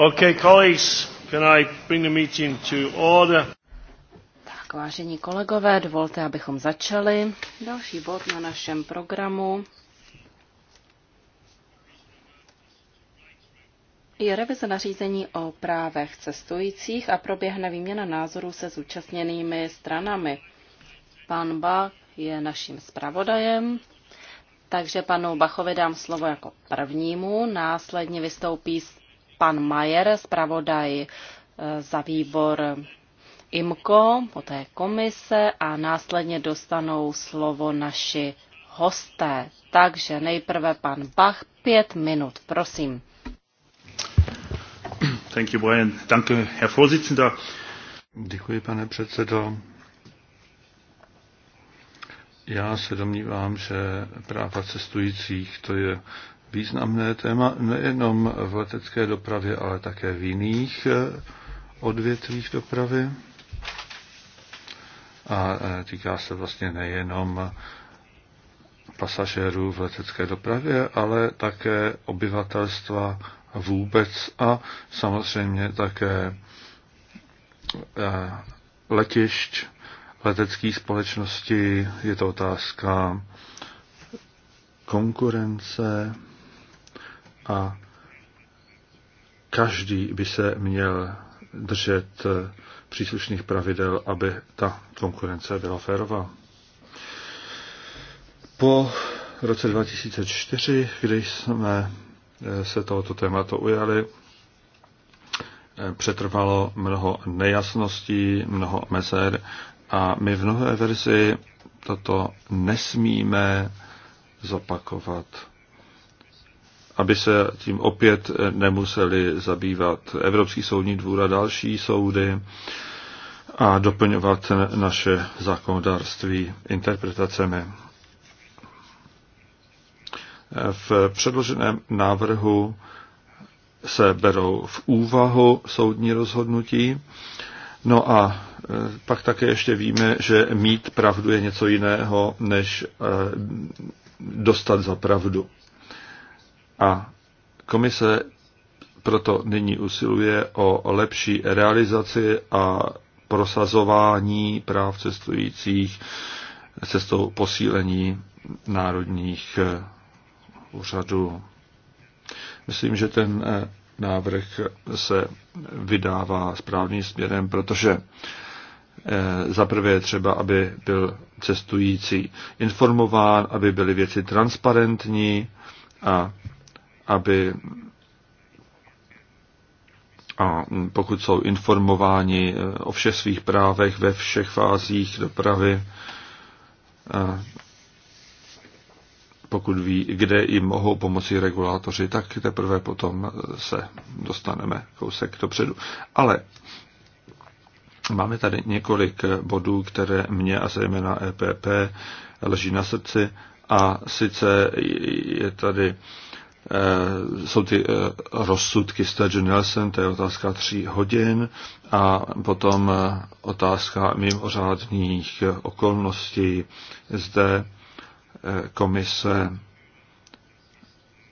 Okay, colleagues, can I bring the meeting to order? Tak, vážení kolegové, dovolte, abychom začali. Další bod na našem programu je revize nařízení o právech cestujících a proběhne výměna názorů se zúčastněnými stranami. Pan Bach je naším zpravodajem, takže panu Bachovi dám slovo jako prvnímu, následně vystoupí pan Majer, zpravodaj e, za výbor IMKO, poté komise a následně dostanou slovo naši hosté. Takže nejprve pan Bach, pět minut, prosím. Thank you, Brian. Danke, Herr Vorsitzender. Děkuji, pane předsedo. Já se domnívám, že práva cestujících to je významné téma nejenom v letecké dopravě, ale také v jiných eh, odvětvích dopravy. A eh, týká se vlastně nejenom pasažérů v letecké dopravě, ale také obyvatelstva vůbec a samozřejmě také eh, letišť, letecké společností. Je to otázka konkurence, a každý by se měl držet příslušných pravidel, aby ta konkurence byla férová. Po roce 2004, kdy jsme eh, se tohoto tématu ujali, eh, přetrvalo mnoho nejasností, mnoho mezer a my v nové verzi toto nesmíme zopakovat aby se tím opět eh, nemuseli zabývat Evropský soudní dvůr a další soudy a doplňovat naše zákonodárství interpretacemi. Eh, v předloženém návrhu se berou v úvahu soudní rozhodnutí. No a eh, pak také ještě víme, že mít pravdu je něco jiného, než dostat za pravdu. A komise proto nyní usiluje o lepší realizaci a prosazování práv cestujících cestou posílení národních eh, úřadů. Myslím, že ten eh, návrh se vydává správným směrem, protože eh, za prvé třeba, aby byl cestující informován, aby byly věci transparentní a aby a pokud jsou informováni eh, o všech svých právech ve všech fázích dopravy, eh, pokud ví, kde jim mohou pomoci regulátoři, tak teprve potom eh, se dostaneme kousek dopředu. Ale máme tady několik bodů, které mě a zejména EPP leží na srdci a sice je tady Eh, jsou ty eh, rozsudky Sturgeon Nelson, to je otázka tří hodin a potom eh, otázka mimořádných okolností. Zde komise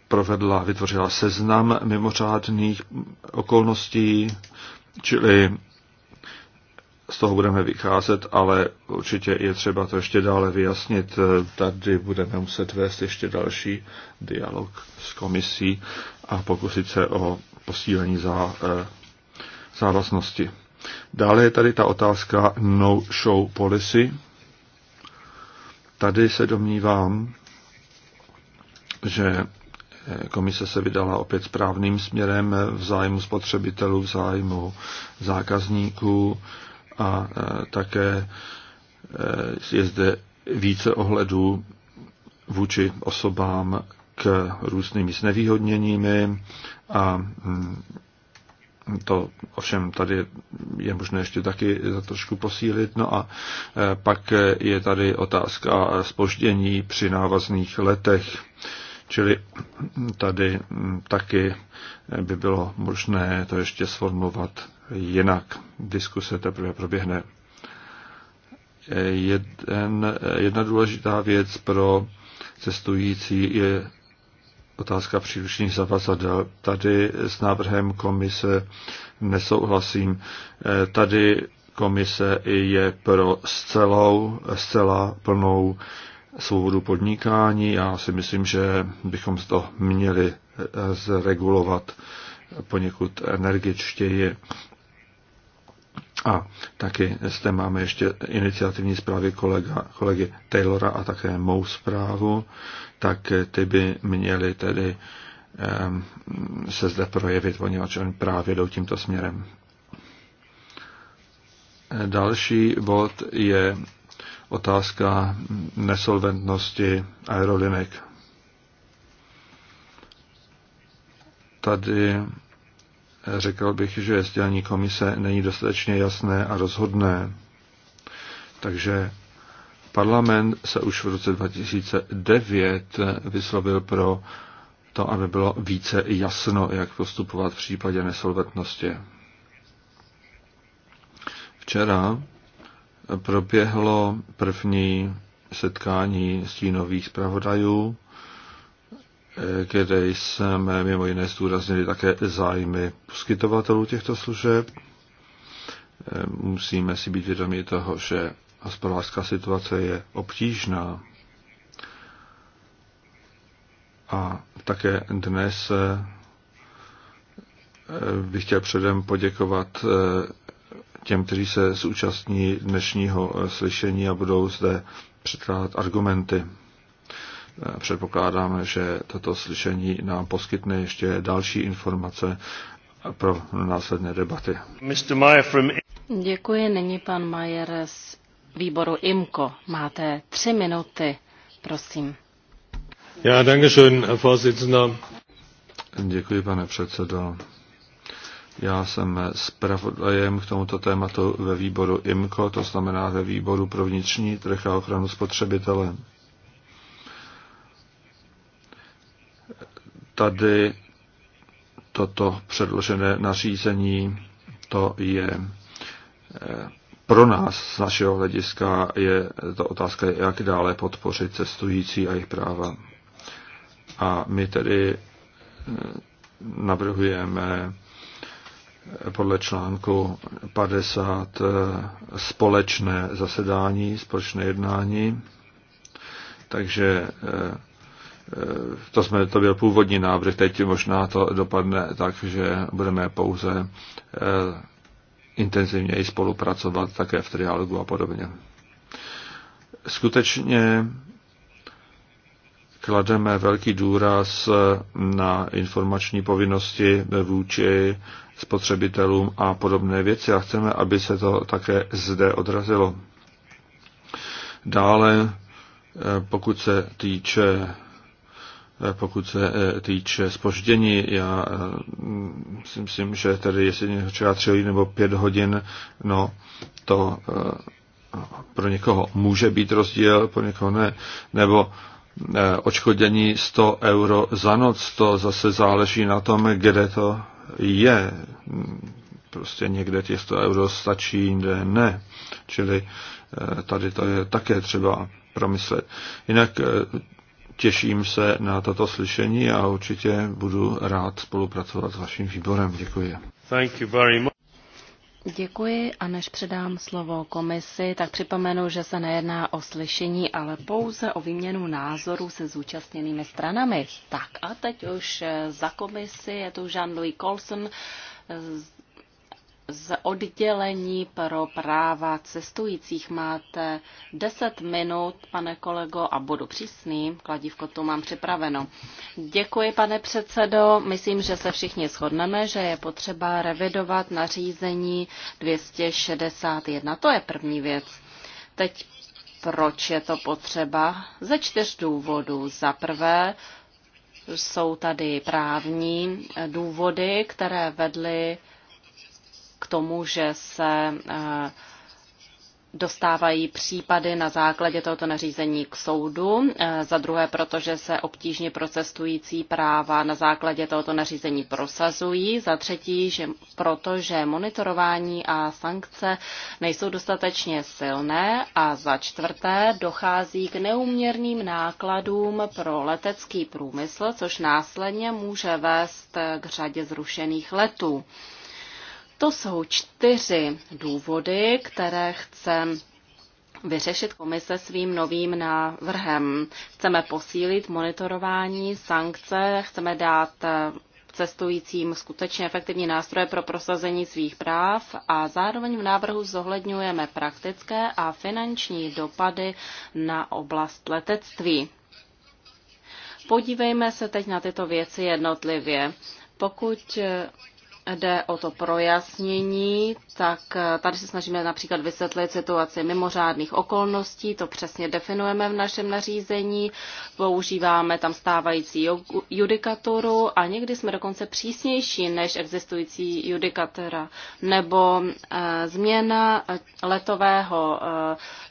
provedla, vytvořila seznam mimořádných okolností, čili z toho budeme vycházet, ale určitě je třeba to ještě dále vyjasnit. Tady budeme muset vést ještě další dialog s komisí a pokusit se o posílení zá, eh, závaznosti. Dále je tady ta otázka no-show policy. Tady se domnívám, že eh, komise se vydala opět správným směrem v zájmu spotřebitelů, v zájmu zákazníků, a e, také e, je zde více ohledů vůči osobám k různými znevýhodněními a mm, to ovšem tady je možné ještě taky za trošku posílit. No a e, pak je tady otázka spoždění při návazných letech. Čili tady mm, taky by bylo možné to ještě sformulovat jinak. Diskuse teprve proběhne. Jeden, jedna důležitá věc pro cestující je otázka příručních zavazadel. Tady s návrhem komise nesouhlasím. Tady komise je pro zcelou, zcela plnou svobodu podnikání. Já si myslím, že bychom to měli zregulovat poněkud energičtěji. A taky zde máme ještě iniciativní zprávy kolega, kolegy Taylora a také mou zprávu, tak ty by měly tedy um, se zde projevit, poněvadž oni právě jdou tímto směrem. Další bod je otázka nesolventnosti aerolinek. Tady Řekl bych, že sdělení komise není dostatečně jasné a rozhodné. Takže parlament se už v roce 2009 vyslovil pro to, aby bylo více jasno, jak postupovat v případě nesolvetnosti. Včera proběhlo první setkání stínových zpravodajů kde jsme mimo jiné zdůraznili také zájmy poskytovatelů těchto služeb. Musíme si být vědomi toho, že hospodářská situace je obtížná. A také dnes bych chtěl předem poděkovat těm, kteří se zúčastní dnešního slyšení a budou zde předkládat argumenty. Předpokládáme, že toto slyšení nám poskytne ještě další informace pro následné debaty. Děkuji. není pan Majer z výboru IMKO. Máte tři minuty, prosím. Ja, danke schön, Herr Vorsitzender. Děkuji, pane předsedo. Já jsem zpravodajem k tomuto tématu ve výboru IMCO, to znamená ve výboru pro vnitřní trh a ochranu spotřebitele. tady toto předložené nařízení, to je eh, pro nás z našeho hlediska je to otázka, jak dále podpořit cestující a jejich práva. A my tedy eh, navrhujeme eh, podle článku 50 společné zasedání, společné jednání. Takže Eh, to, jsme, to byl původní návrh, teď možná to dopadne tak, že budeme pouze eh, intenzivněji spolupracovat také v triálogu a podobně. Skutečně klademe velký důraz na informační povinnosti vůči spotřebitelům a podobné věci a chceme, aby se to také zde odrazilo. Dále, eh, pokud se týče pokud se e, týče spoždění, já e, si myslím, že tady jestli něco třeba tři hodin nebo pět hodin, no to e, pro někoho může být rozdíl, pro někoho ne. Nebo očkodění 100 euro za noc, to zase záleží na tom, kde to je. Prostě někde těch 100 euro stačí, jinde ne. Čili tady to je také třeba promyslet. Jinak Těším se na tato slyšení a určitě budu rád spolupracovat s vaším výborem. Děkuji. Thank you very much. Děkuji a než předám slovo komisi, tak připomenu, že se nejedná o slyšení, ale pouze o výměnu názorů se zúčastněnými stranami. Tak a teď už za komisi je tu Jean-Louis Colson, z oddělení pro práva cestujících. Máte 10 minut, pane kolego, a budu přísný. Kladívko tu mám připraveno. Děkuji, pane předsedo. Myslím, že se všichni shodneme, že je potřeba revidovat nařízení 261. To je první věc. Teď proč je to potřeba? Ze čtyř důvodů. Za prvé, jsou tady právní důvody, které vedly k tomu, že se eh, dostávají případy na základě tohoto nařízení k soudu, eh, za druhé, protože se obtížně procestující práva na základě tohoto nařízení prosazují, za třetí, že protože monitorování a sankce nejsou dostatečně silné a za čtvrté dochází k neuměrným nákladům pro letecký průmysl, což následně může vést k řadě zrušených letů. To jsou čtyři důvody, které chce vyřešit komise svým novým návrhem. Chceme posílit monitorování, sankce, chceme dát eh, cestujícím skutečně efektivní nástroje pro prosazení svých práv a zároveň v návrhu zohledňujeme praktické a finanční dopady na oblast letectví. Podívejme se teď na tyto věci jednotlivě. Pokud eh, jde o to projasnění, tak eh, tady se snažíme například vysvětlit situaci mimořádných okolností, to přesně definujeme v našem nařízení, používáme tam stávající judikaturu a někdy jsme dokonce přísnější než existující judikatura, nebo eh, změna letového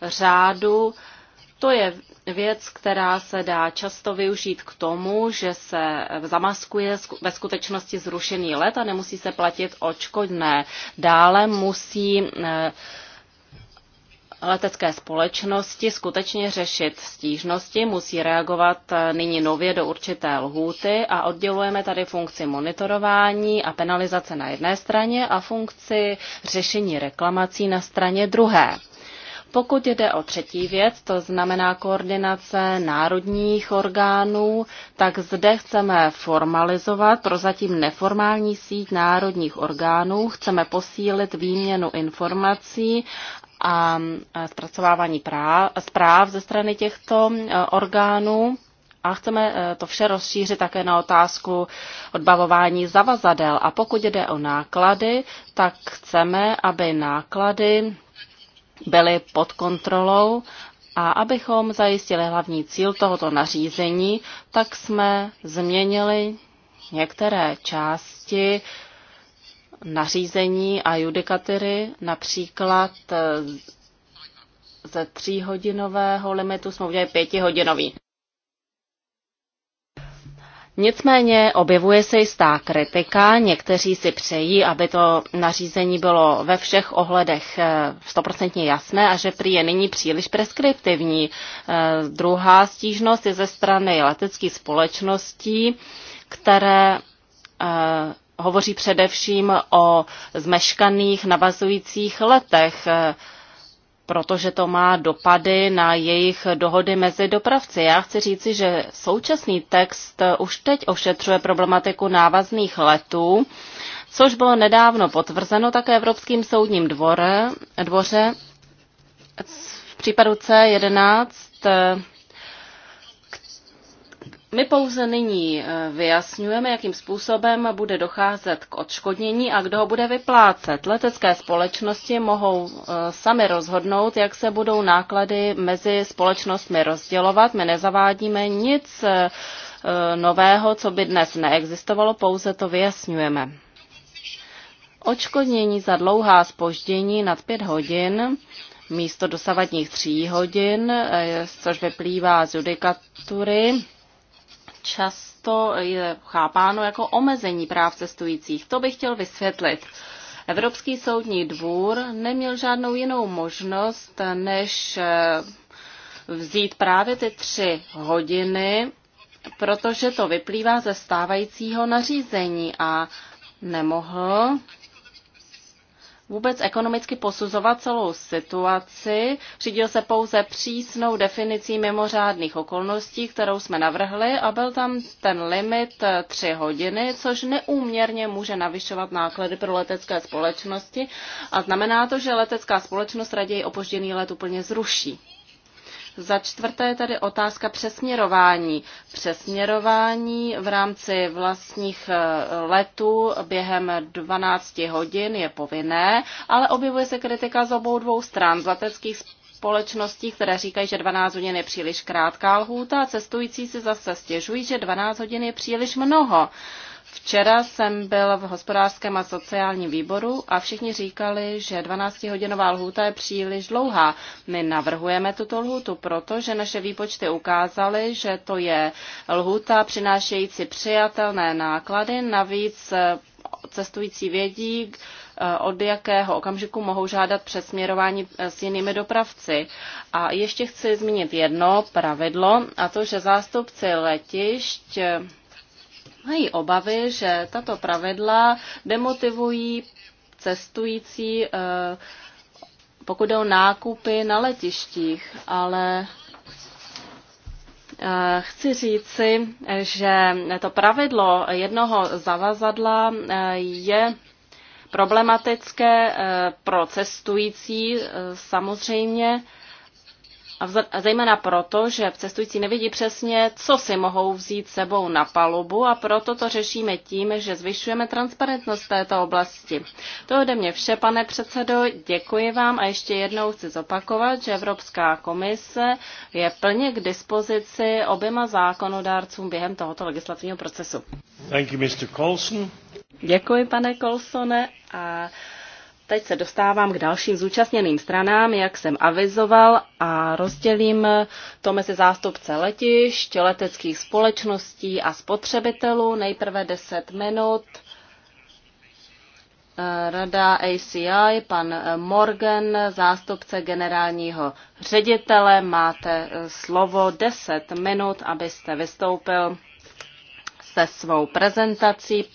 eh, řádu, to je věc, která se dá často využít k tomu, že se zamaskuje ve skutečnosti zrušený let a nemusí se platit očkodné. Dále musí eh, letecké společnosti skutečně řešit stížnosti, musí reagovat eh, nyní nově do určité lhůty a oddělujeme tady funkci monitorování a penalizace na jedné straně a funkci řešení reklamací na straně druhé. Pokud jde o třetí věc, to znamená koordinace národních orgánů, tak zde chceme formalizovat prozatím neformální síť národních orgánů, chceme posílit výměnu informací a zpracovávání práv, zpráv ze strany těchto e, orgánů. A chceme e, to vše rozšířit také na otázku odbavování zavazadel. A pokud jde o náklady, tak chceme, aby náklady byly pod kontrolou a abychom zajistili hlavní cíl tohoto nařízení, tak jsme změnili některé části nařízení a judikatury, například eh, ze tříhodinového limitu jsme udělali pětihodinový. Nicméně objevuje se jistá kritika, někteří si přejí, aby to nařízení bylo ve všech ohledech eh, stoprocentně jasné a že prý je nyní příliš preskriptivní. Eh, druhá stížnost je ze strany leteckých společností, které eh, hovoří především o zmeškaných navazujících letech protože to má dopady na jejich dohody mezi dopravci. Já chci říci, že současný text už teď ošetřuje problematiku návazných letů, což bylo nedávno potvrzeno také Evropským soudním dvore, dvoře v případu C11 my pouze nyní eh, vyjasňujeme, jakým způsobem bude docházet k odškodnění a kdo ho bude vyplácet. Letecké společnosti mohou eh, sami rozhodnout, jak se budou náklady mezi společnostmi rozdělovat. My nezavádíme nic eh, nového, co by dnes neexistovalo, pouze to vyjasňujeme. Odškodnění za dlouhá spoždění nad pět hodin místo dosavadních tří hodin, což vyplývá z judikatury často je chápáno jako omezení práv cestujících. To bych chtěl vysvětlit. Evropský soudní dvůr neměl žádnou jinou možnost, než eh, vzít právě ty tři hodiny, protože to vyplývá ze stávajícího nařízení a nemohl vůbec ekonomicky posuzovat celou situaci. Řídil se pouze přísnou definicí mimořádných okolností, kterou jsme navrhli a byl tam ten limit eh, tři hodiny, což neúměrně může navyšovat náklady pro letecké společnosti a znamená to, že letecká společnost raději opožděný let úplně zruší. Za čtvrté je tady otázka přesměrování. Přesměrování v rámci vlastních eh, letů během 12 hodin je povinné, ale objevuje se kritika z obou dvou stran, z leteckých společností, které říkají, že 12 hodin je příliš krátká lhůta a cestující si zase stěžují, že 12 hodin je příliš mnoho. Včera jsem byl v hospodářském a sociálním výboru a všichni říkali, že 12-hodinová lhůta je příliš dlouhá. My navrhujeme tuto lhůtu, protože naše výpočty ukázaly, že to je lhůta přinášející přijatelné náklady, navíc eh, cestující vědí, eh, od jakého okamžiku mohou žádat přesměrování eh, s jinými dopravci. A ještě chci zmínit jedno pravidlo, a to, že zástupci letišť mají obavy, že tato pravidla demotivují cestující, eh, pokud jde o nákupy na letištích, ale eh, Chci říci, že to pravidlo jednoho zavazadla eh, je problematické pro cestující samozřejmě, a zejména proto, že cestující nevidí přesně, co si mohou vzít sebou na palubu a proto to řešíme tím, že zvyšujeme transparentnost této oblasti. To ode mě vše, pane předsedo, děkuji vám a ještě jednou chci zopakovat, že Evropská komise je plně k dispozici oběma zákonodárcům během tohoto legislativního procesu. Thank you, Mr. Colson. Děkuji, pane Colsone. A Teď se dostávám k dalším zúčastněným stranám, jak jsem avizoval, a rozdělím to mezi zástupce letišť, leteckých společností a spotřebitelů. Nejprve 10 minut. Eh, Rada ACI, pan eh, Morgan, zástupce generálního ředitele, máte eh, slovo 10 minut, abyste vystoupil se svou prezentací.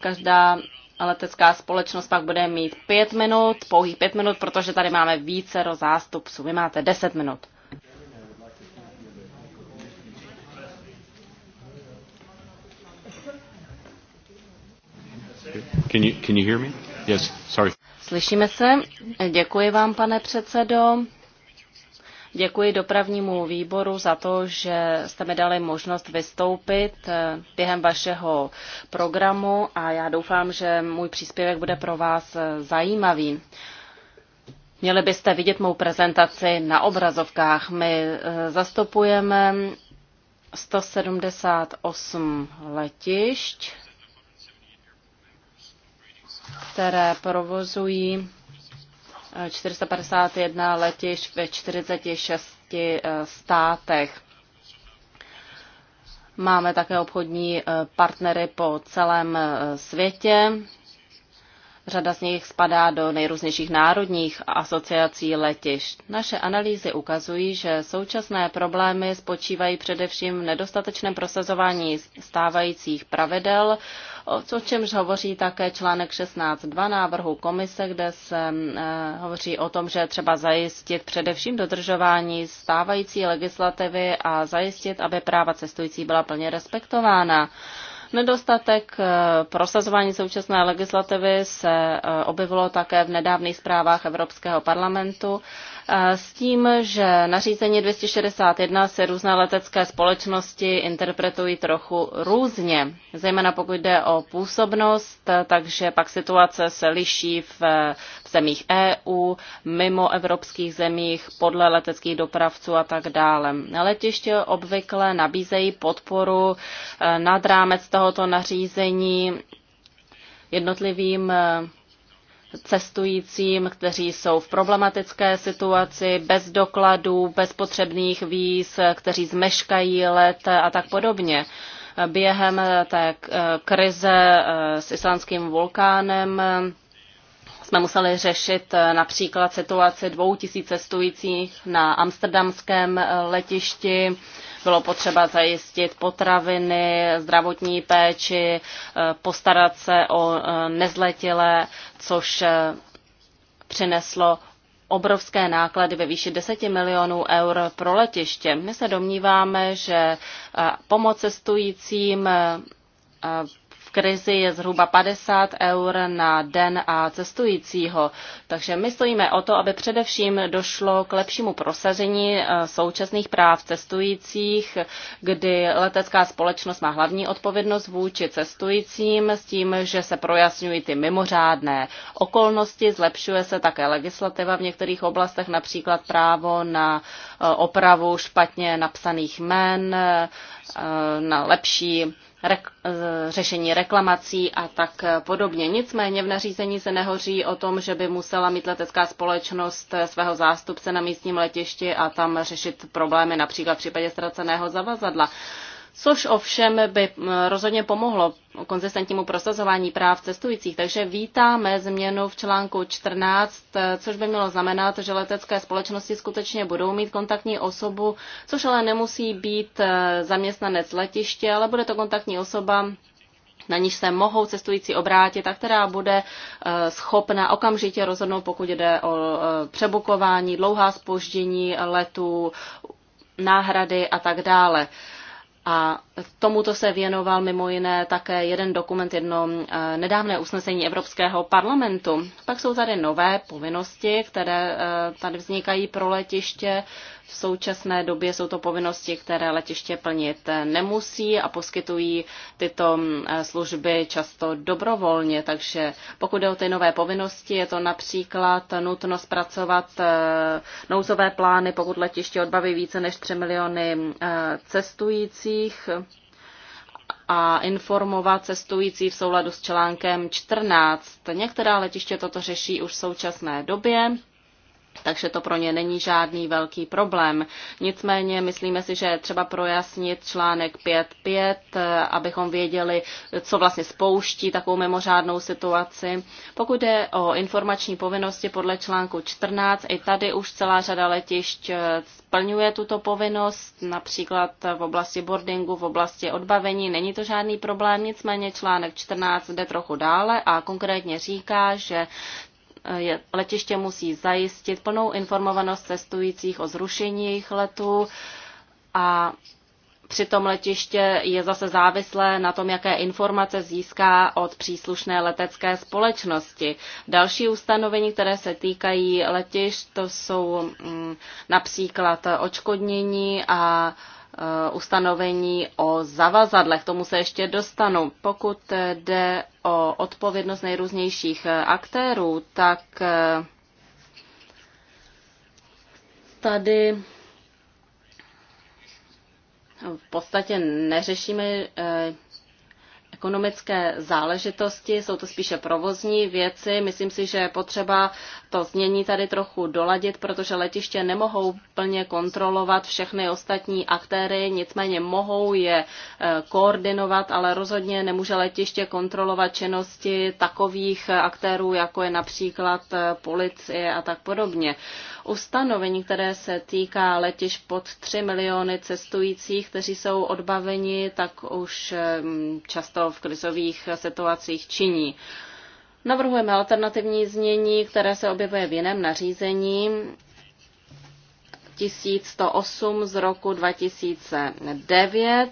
Každá letecká společnost pak bude mít pět minut, pouhých pět minut, protože tady máme více zástupců. Vy máte deset minut. Can you, can you hear me? Yes, sorry. Slyšíme se. Děkuji vám, pane předsedo. Děkuji dopravnímu výboru za to, že jste mi dali možnost vystoupit eh, během vašeho programu a já doufám, že můj příspěvek bude pro vás eh, zajímavý. Měli byste vidět mou prezentaci na obrazovkách. My eh, zastupujeme 178 letišť, které provozují 451 letišť ve 46 eh, státech. Máme také obchodní eh, partnery po celém eh, světě. Řada z nich spadá do nejrůznějších národních asociací letišť. Naše analýzy ukazují, že současné problémy spočívají především v nedostatečném prosazování stávajících pravidel, o čemž hovoří také článek 16.2 návrhu komise, kde se eh, hovoří o tom, že třeba zajistit především dodržování stávající legislativy a zajistit, aby práva cestující byla plně respektována. Nedostatek eh, prosazování současné legislativy se eh, objevilo také v nedávných zprávách Evropského parlamentu s tím, že nařízení 261 se různé letecké společnosti interpretují trochu různě, zejména pokud jde o působnost, takže pak situace se liší v, v zemích EU, mimo evropských zemích, podle leteckých dopravců a tak dále. Letiště obvykle nabízejí podporu eh, nad rámec tohoto nařízení jednotlivým eh, cestujícím, kteří jsou v problematické situaci, bez dokladů, bez potřebných víz, kteří zmeškají let a tak podobně. Během té krize eh, s islandským vulkánem jsme museli řešit eh, například situaci dvou tisíc cestujících na amsterdamském eh, letišti. Bylo potřeba zajistit potraviny, zdravotní péči, eh, postarat se o nezletilé, což přineslo obrovské náklady ve výši 10 milionů eur pro letiště. My se domníváme, že pomoc cestujícím krizi je zhruba 50 eur na den a cestujícího. Takže my stojíme o to, aby především došlo k lepšímu prosazení eh, současných práv cestujících, kdy letecká společnost má hlavní odpovědnost vůči cestujícím s tím, že se projasňují ty mimořádné okolnosti, zlepšuje se také legislativa v některých oblastech, například právo na eh, opravu špatně napsaných jmen, eh, na lepší rek- řešení reklamací a tak podobně. Nicméně v nařízení se nehoří o tom, že by musela mít letecká společnost svého zástupce na místním letišti a tam řešit problémy například v případě ztraceného zavazadla což ovšem by rozhodně pomohlo konzistentnímu prosazování práv cestujících. Takže vítáme změnu v článku 14, což by mělo znamenat, že letecké společnosti skutečně budou mít kontaktní osobu, což ale nemusí být e, zaměstnanec letiště, ale bude to kontaktní osoba na níž se mohou cestující obrátit a která bude e, schopna okamžitě rozhodnout, pokud jde o e, přebukování, dlouhá spoždění letů, náhrady a tak dále. A tomuto se věnoval mimo jiné také jeden dokument, jedno eh, nedávné usnesení Evropského parlamentu. Pak jsou tady nové povinnosti, které eh, tady vznikají pro letiště v současné době jsou to povinnosti, které letiště plnit nemusí a poskytují tyto mm, eh, služby často dobrovolně. Takže pokud jde o ty nové povinnosti, je to například nutno zpracovat eh, nouzové plány, pokud letiště odbaví více než 3 miliony mm, eh, cestujících a informovat cestující v souladu s článkem 14. Některá letiště toto řeší už v současné době takže to pro ně není žádný velký problém. Nicméně myslíme si, že třeba projasnit článek 5.5, abychom věděli, co vlastně spouští takovou mimořádnou situaci. Pokud je o informační povinnosti podle článku 14, i tady už celá řada letišť eh, splňuje tuto povinnost, například v oblasti boardingu, v oblasti odbavení. Není to žádný problém, nicméně článek 14 jde trochu dále a konkrétně říká, že letiště musí zajistit plnou informovanost cestujících o zrušení jejich letu a Přitom letiště je zase závislé na tom, jaké informace získá od příslušné letecké společnosti. Další ustanovení, které se týkají letišť, to jsou mm, například očkodnění a Eh, ustanovení o zavazadlech. Tomu se ještě dostanu. Pokud jde o odpovědnost nejrůznějších eh, aktérů, tak eh, tady v podstatě neřešíme ekonomické záležitosti, jsou to spíše provozní věci. Myslím si, že je potřeba to změní tady trochu doladit, protože letiště nemohou plně kontrolovat všechny ostatní aktéry, nicméně mohou je eh, koordinovat, ale rozhodně nemůže letiště kontrolovat činnosti takových aktérů, jako je například eh, policie a tak podobně. Ustanovení, které se týká letiš pod 3 miliony cestujících, kteří jsou odbaveni, tak už eh, často v krizových situacích činí. Navrhujeme alternativní znění, které se objevuje v jiném nařízení 1108 z roku 2009,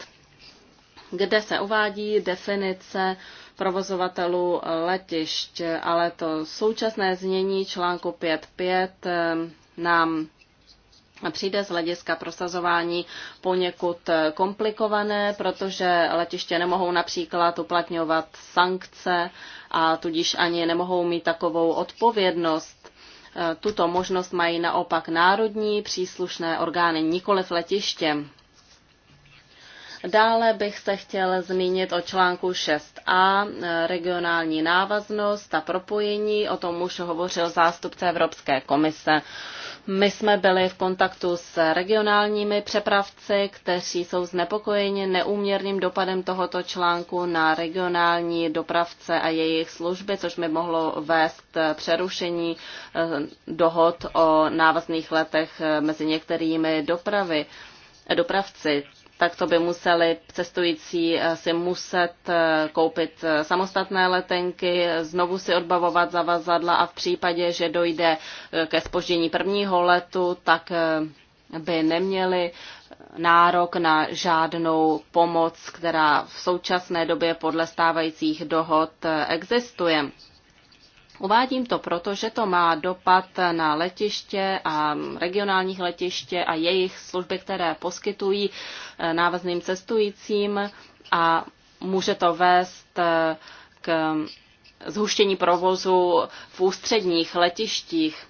kde se uvádí definice provozovatelů letišť, ale to současné znění článku 5.5 eh, nám přijde z hlediska prosazování poněkud eh, komplikované, protože letiště nemohou například uplatňovat sankce a tudíž ani nemohou mít takovou odpovědnost. Eh, tuto možnost mají naopak národní příslušné orgány, nikoliv letiště. Dále bych se chtěl zmínit o článku 6a, eh, regionální návaznost a propojení, o tom už hovořil zástupce Evropské komise. My jsme byli v kontaktu s regionálními přepravci, kteří jsou znepokojeni neúměrným dopadem tohoto článku na regionální dopravce a jejich služby, což by mohlo vést k přerušení eh, dohod o návazných letech eh, mezi některými dopravy, dopravci tak to by museli cestující eh, si muset eh, koupit eh, samostatné letenky, znovu si odbavovat zavazadla a v případě, že dojde ke spoždění prvního letu, tak by neměli nárok na žádnou pomoc, která v současné době podle stávajících dohod existuje. Uvádím to proto, že to má dopad na letiště a regionálních letiště a jejich služby, které poskytují eh, návazným cestujícím a může to vést eh, k zhuštění provozu v ústředních letištích.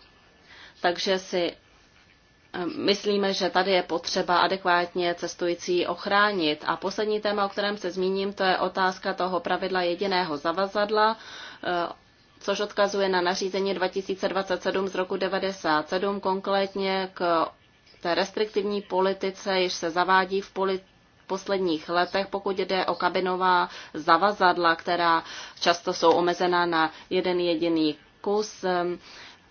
Takže si eh, myslíme, že tady je potřeba adekvátně cestující ochránit. A poslední téma, o kterém se zmíním, to je otázka toho pravidla jediného zavazadla, což odkazuje na nařízení 2027 z roku 1997, konkrétně k té restriktivní politice, již se zavádí v politice posledních letech, pokud jde o kabinová zavazadla, která často jsou omezená na jeden jediný kus. Ehm,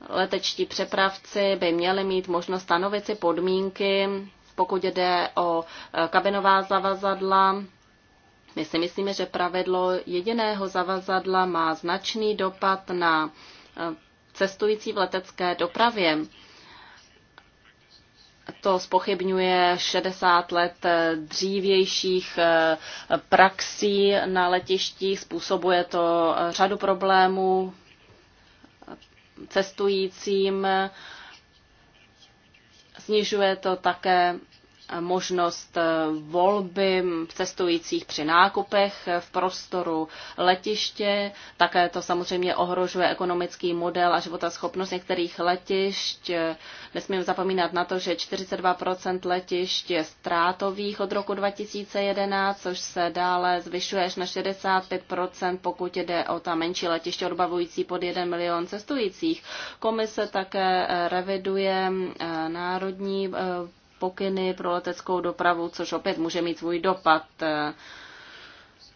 letečtí přepravci by měli mít možnost stanovit si podmínky, pokud jde o eh, kabinová zavazadla, my si myslíme, že pravidlo jediného zavazadla má značný dopad na eh, cestující v letecké dopravě. To spochybňuje 60 let eh, dřívějších eh, praxí na letištích, způsobuje to řadu problémů cestujícím, snižuje to také možnost eh, volby cestujících při nákupech v prostoru letiště. Také to samozřejmě ohrožuje ekonomický model a životaschopnost některých letišť. Nesmím zapomínat na to, že 42% letišť je ztrátových od roku 2011, což se dále zvyšuje až na 65%, pokud jde o ta menší letiště odbavující pod 1 milion cestujících. Komise také eh, reviduje eh, národní pokyny pro leteckou dopravu, což opět může mít svůj dopad.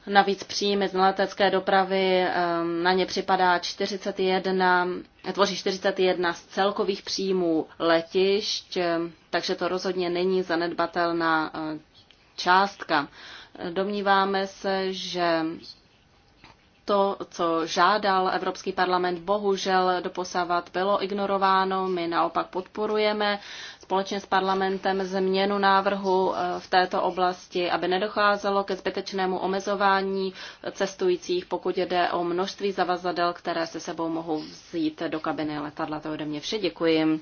Navíc příjmy z letecké dopravy ehm, na ně připadá 41, tvoří 41 z celkových příjmů letišť, ehm, takže to rozhodně není zanedbatelná eh, částka. Domníváme se, že to, co žádal Evropský parlament, bohužel doposavat bylo ignorováno. My naopak podporujeme společně s parlamentem změnu návrhu eh, v této oblasti, aby nedocházelo ke zbytečnému omezování cestujících, pokud jde o množství zavazadel, které se sebou mohou vzít do kabiny letadla. To ode mě vše. Děkuji.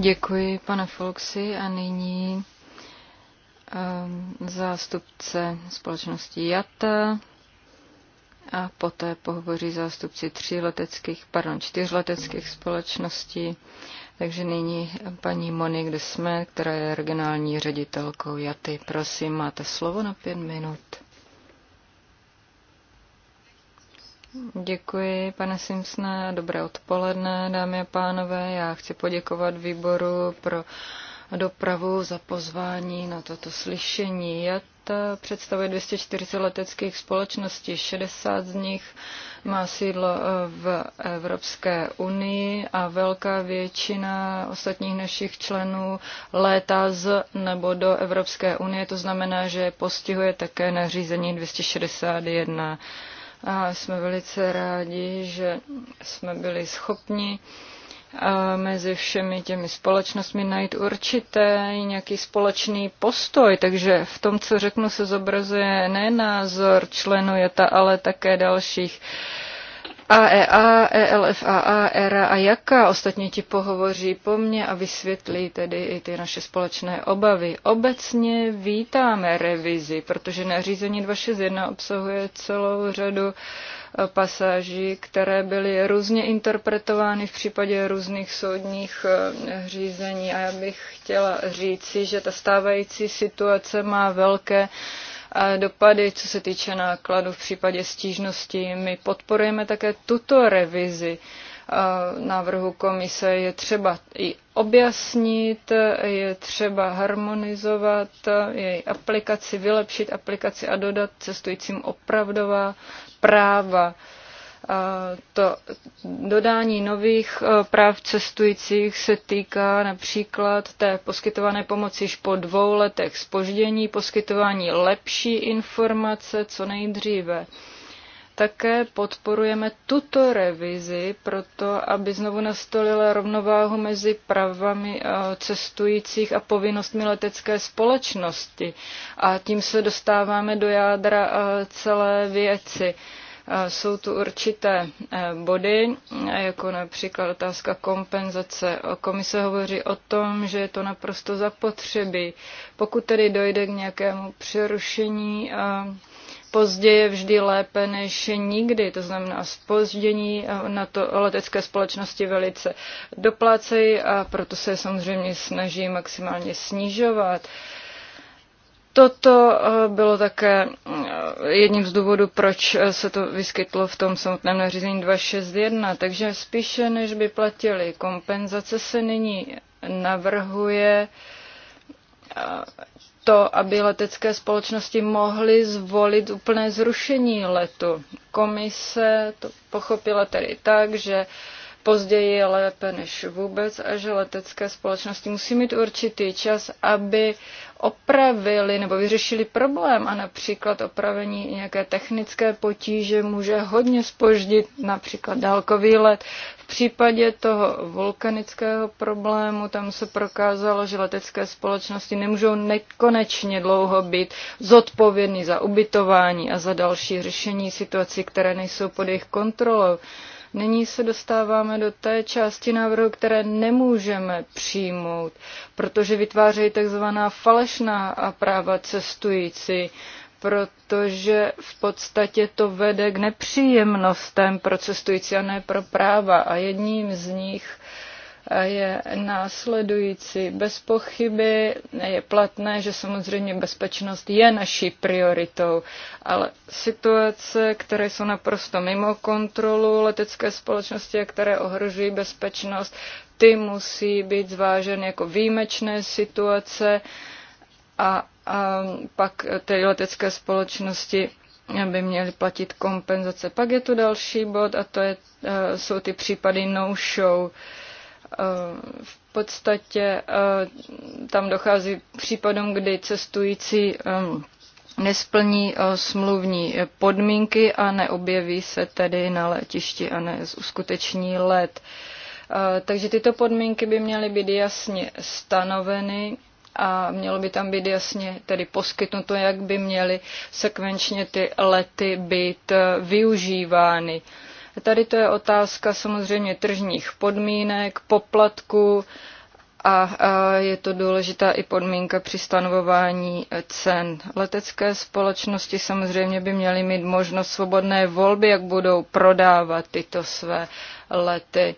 Děkuji, pane Foxy. A nyní ehm, zástupce společnosti JATA a poté pohovoří zástupci tří leteckých, pardon, čtyř leteckých společností. Takže nyní paní Monik Desme, která je regionální ředitelkou JATY. Prosím, máte slovo na pět minut. Děkuji, pane Simsne, dobré odpoledne, dámy a pánové. Já chci poděkovat výboru pro dopravu za pozvání na toto slyšení. JAT představuje 240 leteckých společností, 60 z nich má sídlo eh, v Evropské unii a velká většina ostatních našich členů létá z nebo do Evropské unie, to znamená, že postihuje také nařízení 261. A jsme velice rádi, že jsme byli schopni mezi všemi těmi společnostmi najít určité nějaký společný postoj. Takže v tom, co řeknu, se zobrazuje ne názor členů JETA, ale také dalších uh, AEA, ELFAA, ERA a e e e jaká ostatně ti pohovoří po mně a vysvětlí tedy i ty naše společné obavy. Obecně vítáme revizi, protože nařízení 261 obsahuje celou řadu eh, pasáží, které byly různě interpretovány v případě různých soudních eh, řízení. A já bych chtěla říci, že ta stávající situace má velké dopady, co se týče nákladů v případě stížností. My podporujeme také tuto revizi eh, návrhu komise. Je třeba i objasnit, je třeba harmonizovat její aplikaci, vylepšit aplikaci a dodat cestujícím opravdová práva to dodání nových e, práv cestujících se týká například té poskytované pomoci již po dvou letech spoždění, poskytování lepší informace co nejdříve. Také podporujeme tuto revizi proto, aby znovu nastolila rovnováhu mezi pravami e, cestujících a povinnostmi letecké společnosti. A tím se dostáváme do jádra e, celé věci. Eh, jsou tu určité eh, body, eh, jako například otázka kompenzace. Komise hovoří o tom, že je to naprosto zapotřebí. Pokud tedy dojde k nějakému přerušení, pozdě je vždy lépe než nikdy, to znamená spoždění na to letecké společnosti velice doplácejí a proto se samozřejmě snaží maximálně snižovat. Toto eh, bylo také eh, jedním z důvodů, proč eh, se to vyskytlo v tom samotném nařízení 261. Takže spíše, než by platili kompenzace, se nyní navrhuje to, aby letecké společnosti mohly zvolit úplné zrušení letu. Komise to pochopila tedy tak, že později je lépe než vůbec a že letecké společnosti musí mít určitý čas, aby opravili nebo vyřešili problém a například opravení nějaké technické potíže může hodně spoždit například dálkový let. V případě toho vulkanického problému tam se prokázalo, že letecké společnosti nemůžou nekonečně dlouho být zodpovědny za ubytování a za další řešení situací, které nejsou pod jejich kontrolou. Nyní se dostáváme do té části návrhu, které nemůžeme přijmout, protože vytvářejí takzvaná falešná práva cestující protože v podstatě to vede k nepříjemnostem pro cestující a ne pro práva. A jedním z nich je následující. Bez pochyby je platné, že samozřejmě bezpečnost je naší prioritou, ale situace, které jsou naprosto mimo kontrolu letecké společnosti a které ohrožují bezpečnost, ty musí být zváženy jako výjimečné situace a, a pak ty letecké společnosti aby měli platit kompenzace. Pak je tu další bod a to je, eh, jsou ty případy no-show. Uh, v podstatě eh, tam dochází případům, kdy cestující eh, nesplní eh, smluvní podmínky a neobjeví se tedy na letišti a neuskuteční let. Takže tyto podmínky by měly být jasně stanoveny a mělo by tam být jasně tedy poskytnuto, jak by měly sekvenčně ty lety být využívány. Tady to je otázka samozřejmě tržních podmínek, poplatku a, a je to důležitá i podmínka při stanovování cen. Letecké společnosti samozřejmě by měly mít možnost svobodné volby, jak budou prodávat tyto své lety.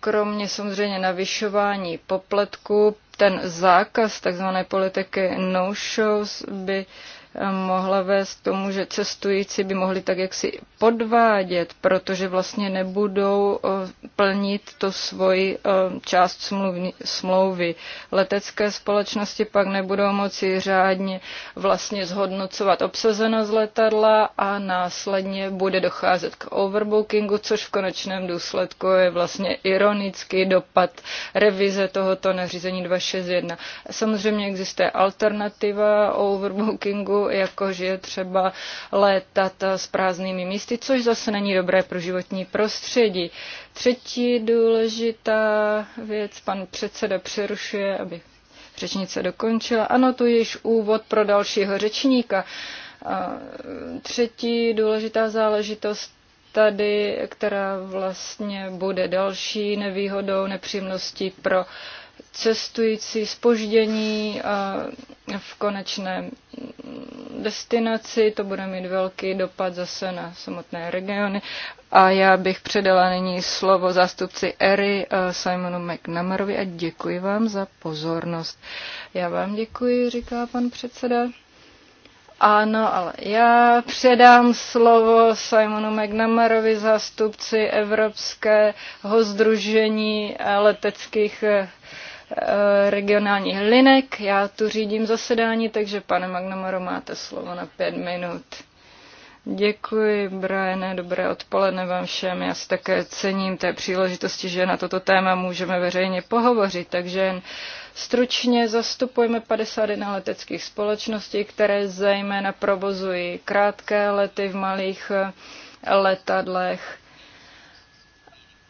Kromě samozřejmě navyšování poplatku, ten zákaz tzv. politiky no-shows by uh, mohla vést k tomu, že cestující by mohli tak jaksi podvádět, protože vlastně nebudou eh, plnit to svoji eh, část smluvní, smlouvy. Letecké společnosti pak nebudou moci řádně vlastně zhodnocovat obsazenost letadla a následně bude docházet k overbookingu, což v konečném důsledku je vlastně ironický dopad revize tohoto nařízení 261. Samozřejmě existuje alternativa overbookingu, výrobu, jakože třeba létat s prázdnými místy, což zase není dobré pro životní prostředí. Třetí důležitá věc, pan předseda přerušuje, aby řečnice dokončila. Ano, to je již úvod pro dalšího řečníka. Třetí důležitá záležitost tady, která vlastně bude další nevýhodou, nepříjemností pro cestující, spoždění v konečné destinaci. To bude mít velký dopad zase na samotné regiony. A já bych předala nyní slovo zástupci Ery eh, Simonu McNamarovi a děkuji vám za pozornost. Já vám děkuji, říká pan předseda. Ano, ale já předám slovo Simonu McNamarovi, zástupci Evropského združení leteckých Eh, regionálních linek. Já tu řídím zasedání, takže pane Magnamaro, máte slovo na pět minut. Děkuji, Brajene, dobré odpoledne vám všem. Já si také cením té příležitosti, že na toto téma můžeme veřejně pohovořit, takže jen Stručně zastupujeme 51 leteckých společností, které zejména provozují krátké lety v malých letadlech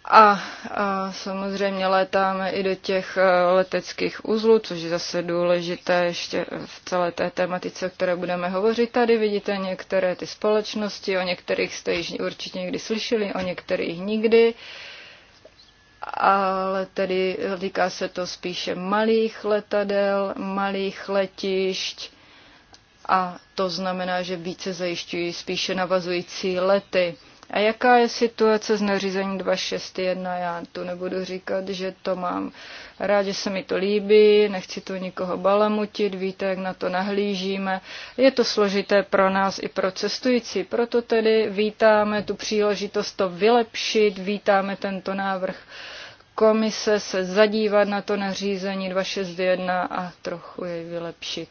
a, a samozřejmě létáme i do těch e, leteckých uzlů, což je zase důležité ještě v celé té tematice, o které budeme hovořit. Tady vidíte některé ty společnosti, o některých jste již určitě někdy slyšeli, o některých nikdy. Ale tedy týká se to spíše malých letadel, malých letišť a to znamená, že více zajišťují spíše navazující lety. A jaká je situace s nařízením 261? Já tu nebudu říkat, že to mám rád, že se mi to líbí, nechci tu nikoho balamutit, víte, jak na to nahlížíme. Je to složité pro nás i pro cestující, proto tedy vítáme tu příležitost to vylepšit, vítáme tento návrh komise se zadívat na to nařízení 261 a trochu jej vylepšit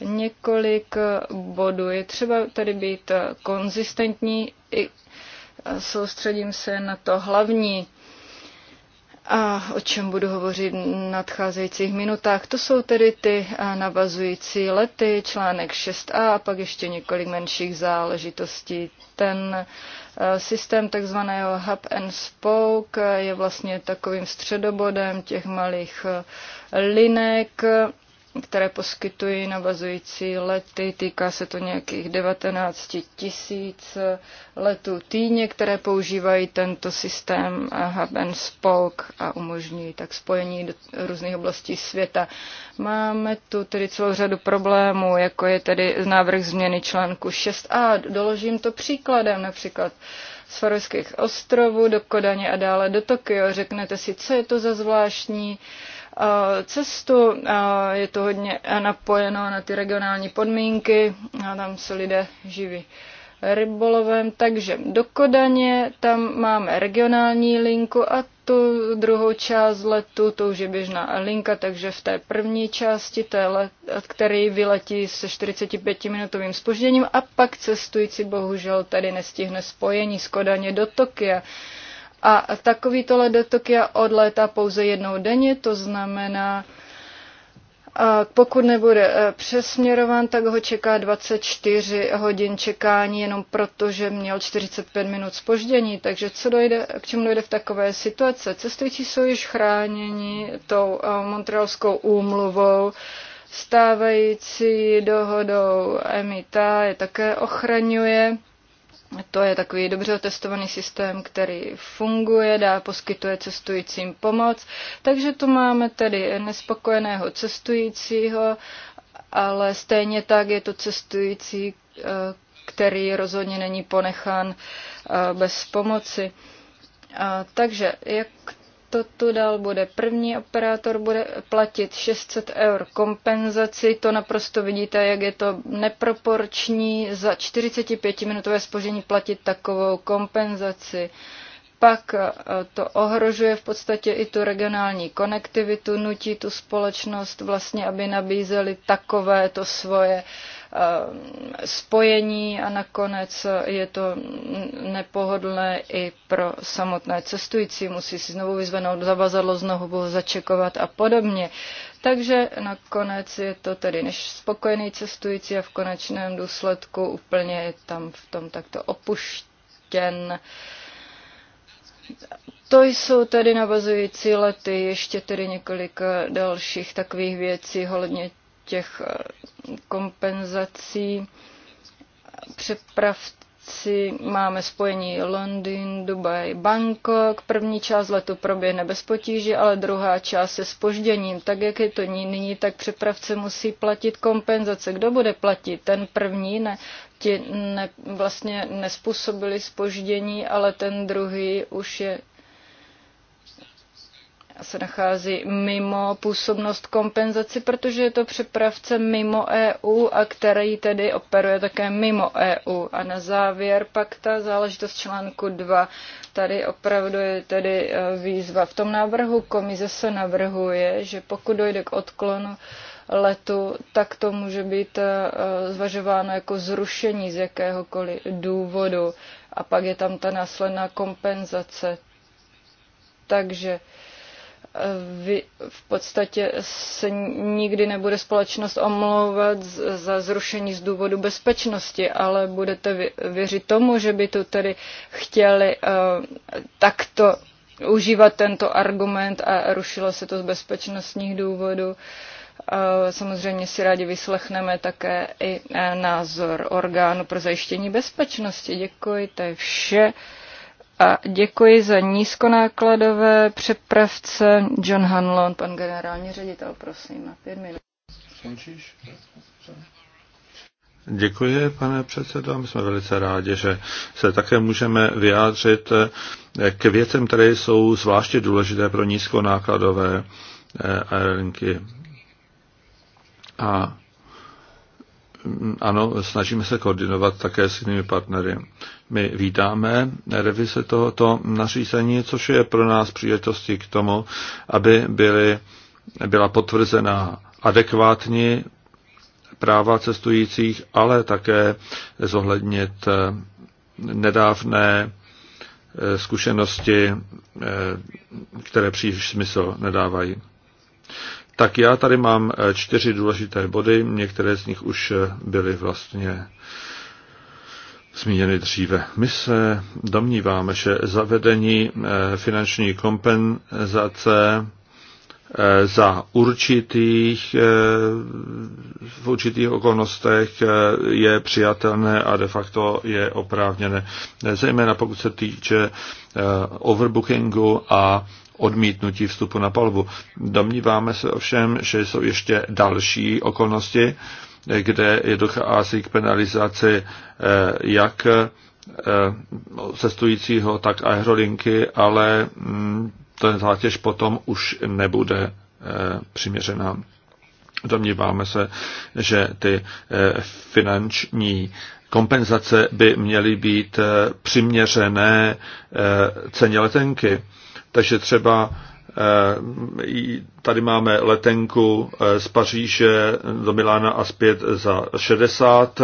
několik bodů. Je třeba tady být konzistentní, i soustředím se na to hlavní, a o čem budu hovořit v nadcházejících minutách. To jsou tedy ty navazující lety, článek 6a a pak ještě několik menších záležitostí. Ten systém takzvaného hub and spoke je vlastně takovým středobodem těch malých linek které poskytují navazující lety. Týká se to nějakých 19 tisíc letů týdně, které používají tento systém Hub and Spoke a umožňují tak spojení do různých oblastí světa. Máme tu tedy celou řadu problémů, jako je tedy návrh změny článku 6a. Doložím to příkladem, například z Farovských ostrovů do Kodaně a dále do Tokio. Řeknete si, co je to za zvláštní uh, Eh, cestu. Eh, je to hodně napojeno na ty regionální podmínky a tam se lidé živí rybolovem. Takže do Kodaně tam máme regionální linku a tu druhou část letu, to už je běžná linka, takže v té první části, té let, který vyletí se 45-minutovým spožděním a pak cestující bohužel tady nestihne spojení z Kodaně do Tokia. A takovýto ledotok je Tokia odlétá pouze jednou denně, to znamená, pokud nebude e, přesměrován, tak ho čeká 24 hodin čekání jenom proto, že měl 45 minut spoždění. Takže co dojde, k čemu dojde v takové situace? Cestující jsou již chráněni tou e, montrealskou úmluvou, stávající dohodou EMITA je také ochraňuje. To je takový dobře otestovaný systém, který funguje, dá, poskytuje cestujícím pomoc. Takže tu máme tedy nespokojeného cestujícího, ale stejně tak je to cestující, eh, který rozhodně není ponechán eh, bez pomoci. Takže jak Totu dál bude první operátor, bude platit 600 eur kompenzaci. To naprosto vidíte, jak je to neproporční za 45-minutové spoření platit takovou kompenzaci pak eh, to ohrožuje v podstatě i tu regionální konektivitu, nutí tu společnost vlastně, aby nabízeli takovéto svoje Eh, spojení a nakonec je to nepohodlné i pro samotné cestující. Musí si znovu vyzvenout zavazadlo, znovu začekovat a podobně. Takže nakonec je to tedy než spokojený cestující a v konečném důsledku úplně je tam v tom takto opuštěn. To jsou tedy navazující lety, ještě tedy několik dalších takových věcí, hodně těch eh, kompenzací přepravci máme spojení Londýn, Dubaj, Bangkok. První část letu proběhne bez potíží, ale druhá část se spožděním. Tak, jak je to nyní, tak přepravce musí platit kompenzace. Kdo bude platit? Ten první ne, ti ne, vlastně nespůsobili spoždění, ale ten druhý už je se nachází mimo působnost kompenzaci, protože je to přepravce mimo EU a který tedy operuje také mimo EU. A na závěr pak ta záležitost článku 2. Tady opravdu je tedy e, výzva. V tom návrhu komise se navrhuje, že pokud dojde k odklonu letu, tak to může být e, zvažováno jako zrušení z jakéhokoliv důvodu. A pak je tam ta následná kompenzace. Takže v podstatě se nikdy nebude společnost omlouvat za zrušení z důvodu bezpečnosti, ale budete věřit tomu, že by to tedy chtěli eh, takto užívat tento argument a rušilo se to z bezpečnostních důvodů. Eh, samozřejmě si rádi vyslechneme také i eh, názor orgánu pro zajištění bezpečnosti. Děkuji, to je vše. A děkuji za nízkonákladové přepravce John Hanlon, pan generální ředitel, prosím, na pět minut. Děkuji, pane předsedo. My jsme velice rádi, že se také můžeme vyjádřit k věcem, které jsou zvláště důležité pro nízkonákladové eh, aerolinky. A ano, snažíme se koordinovat také s jinými partnery. My vítáme revize tohoto nařízení, což je pro nás příležitostí k tomu, aby byly, byla potvrzena adekvátní práva cestujících, ale také zohlednit nedávné eh, zkušenosti, eh, které příliš smysl nedávají. Tak já tady mám eh, čtyři důležité body, některé z nich už eh, byly vlastně zmíněny dříve. My se domníváme, že zavedení eh, finanční kompenzace za určitých, v určitých okolnostech je přijatelné a de facto je oprávněné. Zejména pokud se týče overbookingu a odmítnutí vstupu na palbu. Domníváme se ovšem, že jsou ještě další okolnosti, kde je dochází k penalizaci eh, jak eh, cestujícího, tak aerolinky, ale mm, ten zátěž potom už nebude eh, přiměřená. Domníváme se, že ty finanční kompenzace by měly být přiměřené ceně letenky. Takže třeba eh, tady máme letenku eh, z Paříže do Milána a zpět za 60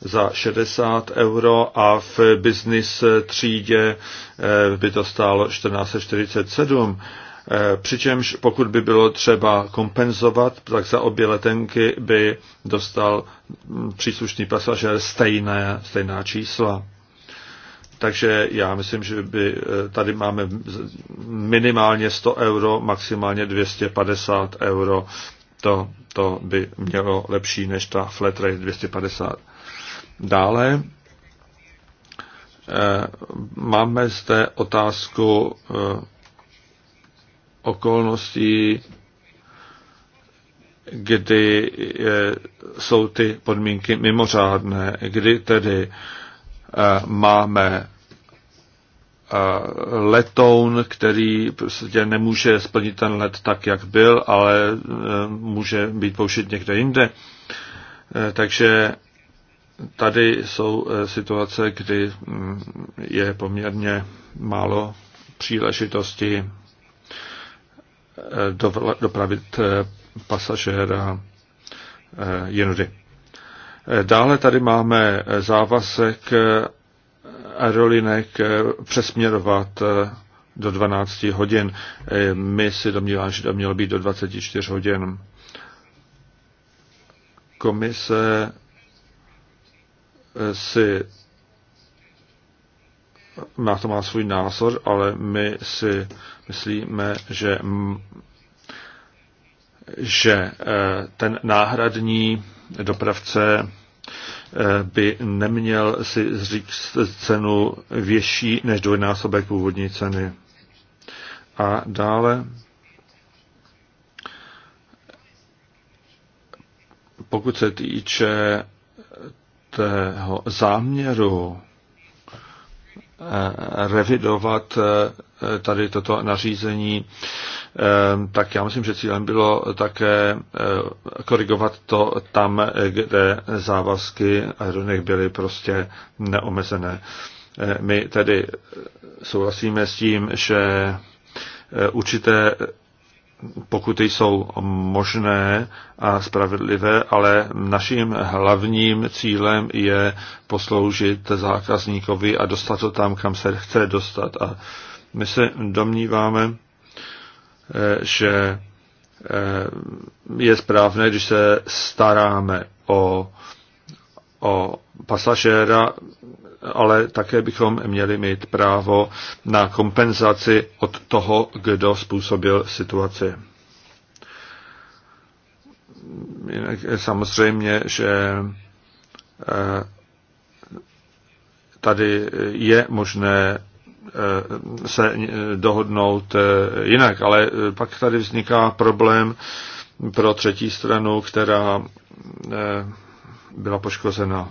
za 60 euro a v business třídě eh, by to stálo 1447. Přičemž pokud by bylo třeba kompenzovat, tak za obě letenky by dostal mm, příslušný pasažér stejné, stejná čísla. Takže já myslím, že by eh, tady máme minimálně 100 euro, maximálně 250 euro. To, to by mělo lepší než ta flat rate 250. Dále eh, máme zde otázku eh, okolností, kdy jsou ty podmínky mimořádné, kdy tedy Eh, máme eh, letoun, který prostě nemůže splnit ten let tak, jak byl, ale eh, může být použit někde jinde. Takže tady jsou situace, kdy hm, je poměrně málo příležitosti dopravit pasažéra jinudy. Dále tady máme závazek aerolinek eh, přesměrovat eh, do 12 hodin. Eh, my si domníváme, že to mělo být do 24 hodin. Komise si na to má svůj názor, ale my si myslíme, že že eh, ten náhradní dopravce eh, by neměl si říct cenu větší než dvojnásobek původní ceny. A dále pokud se týče tého záměru Eh, revidovat eh, tady toto nařízení, eh, tak já myslím, že cílem bylo také korigovat to tam, kde závazky aeronek byly prostě neomezené. My tedy souhlasíme s tím, že určité pokuty jsou možné a spravedlivé, ale naším hlavním cílem je posloužit zákazníkovi a dostat to tam, kam se chce dostat. A my se domníváme, eh, že eh, je správné, když se staráme o, o pasažéra, ale také bychom měli mít právo na kompenzaci od toho, kdo způsobil situaci. Jinak samozřejmě, že eh, tady je možné eh, se dohodnout eh, jinak, ale pak tady vzniká problém pro třetí stranu, která byla poškozena.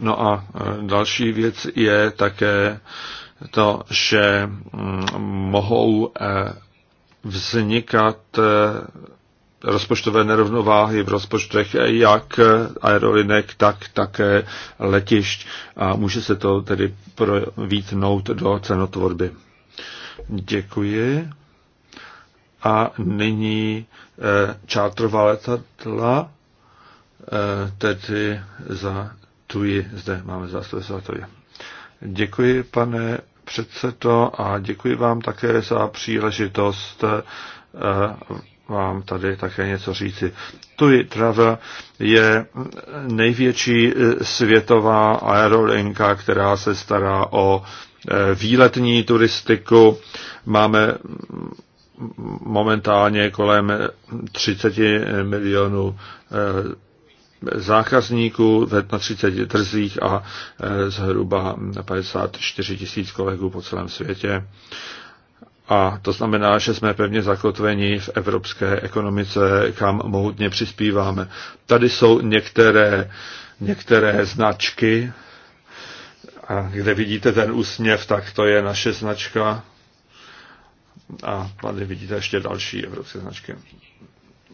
No a e, další věc je také to, že mm, mohou e, vznikat e, rozpočtové nerovnováhy v rozpočtech jak aerolinek, tak také letišť a může se to tedy provítnout do cenotvorby. Děkuji. A nyní e, čátrová letadla, e, tedy za Tuji, zde máme zástupce svatově. Děkuji, pane předsedo, a děkuji vám také za příležitost eh, vám tady také něco říci. TUI Travel je největší eh, světová aerolinka, která se stará o eh, výletní turistiku. Máme momentálně kolem 30 milionů zákazníků ve 30 trzích a e, zhruba 54 tisíc kolegů po celém světě. A to znamená, že jsme pevně zakotveni v evropské ekonomice, kam mohutně přispíváme. Tady jsou některé, některé značky, a kde vidíte ten úsměv, tak to je naše značka. A tady vidíte ještě další evropské značky.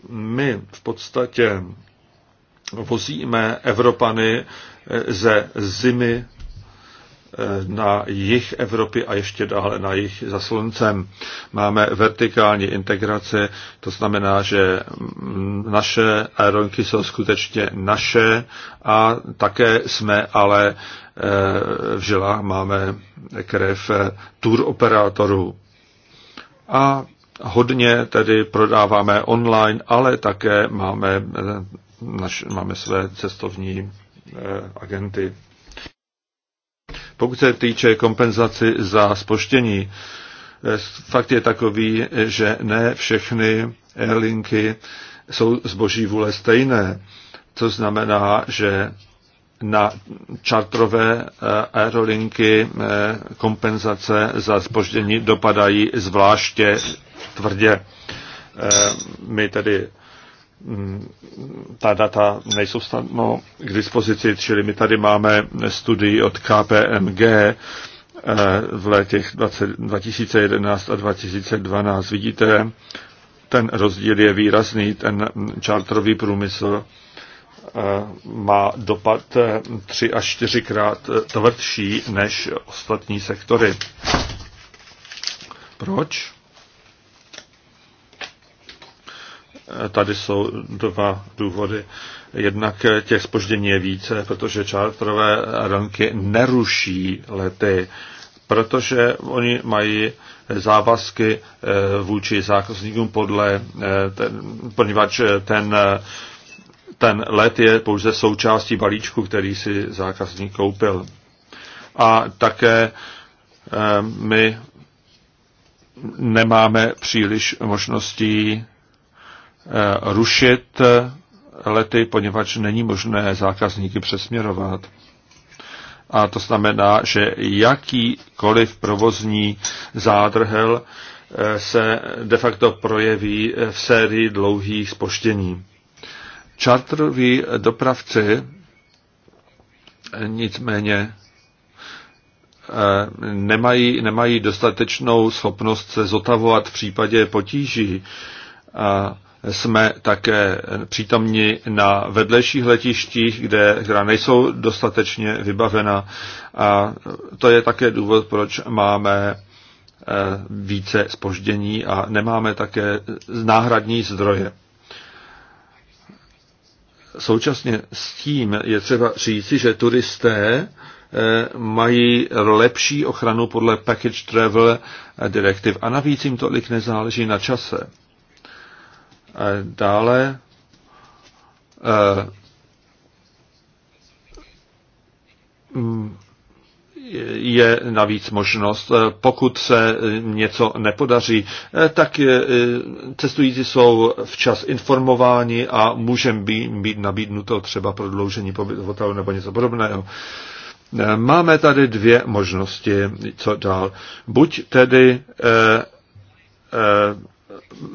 My v podstatě vozíme Evropany eh, ze zimy eh, na jich Evropy a ještě dále na jich za sluncem. Máme vertikální integraci, to znamená, že naše aeronky jsou skutečně naše a také jsme ale eh, v žilách máme krev tour operátorů. A hodně tedy prodáváme online, ale také máme naš, máme své cestovní eh, agenty. Pokud se týče kompenzaci za spoštění, eh, fakt je takový, že ne všechny airlinky jsou z boží vůle stejné. To znamená, že na čartrové eh, aerolinky kompenzace za spoždění dopadají zvláště tvrdě. My tedy Mm, ta data nejsou snadno k dispozici, čili my tady máme studii od KPMG eh, v letech 20, 2011 a 2012. Vidíte, ten rozdíl je výrazný, ten čártrový průmysl eh, má dopad eh, tři až čtyřikrát tvrdší než ostatní sektory. Proč? tady jsou dva důvody. Jednak těch spoždění je více, protože čártrové ranky neruší lety, protože oni mají závazky eh, vůči zákazníkům podle, eh, ten, poněvadž eh, ten, ten let je pouze součástí balíčku, který si zákazník koupil. A také my nemáme příliš možností Eh, rušit eh, lety, poněvadž není možné zákazníky přesměrovat. A to znamená, že jakýkoliv provozní zádrhel eh, se de facto projeví v sérii dlouhých spoštění. Čartroví dopravci nicméně nemají, nemají dostatečnou schopnost se zotavovat v případě potíží. A jsme také přítomni na vedlejších letištích, kde, která nejsou dostatečně vybavena. A to je také důvod, proč máme eh, více spoždění a nemáme také náhradní zdroje. Současně s tím je třeba říci, že turisté eh, mají lepší ochranu podle Package Travel Directive a navíc jim tolik nezáleží na čase. Dále eh, je navíc možnost, eh, pokud se něco nepodaří, eh, tak cestující jsou včas informováni a může být, být nabídnuto třeba prodloužení pobytu v hotelu nebo něco podobného. Máme tady dvě možnosti, co dál. Buď tedy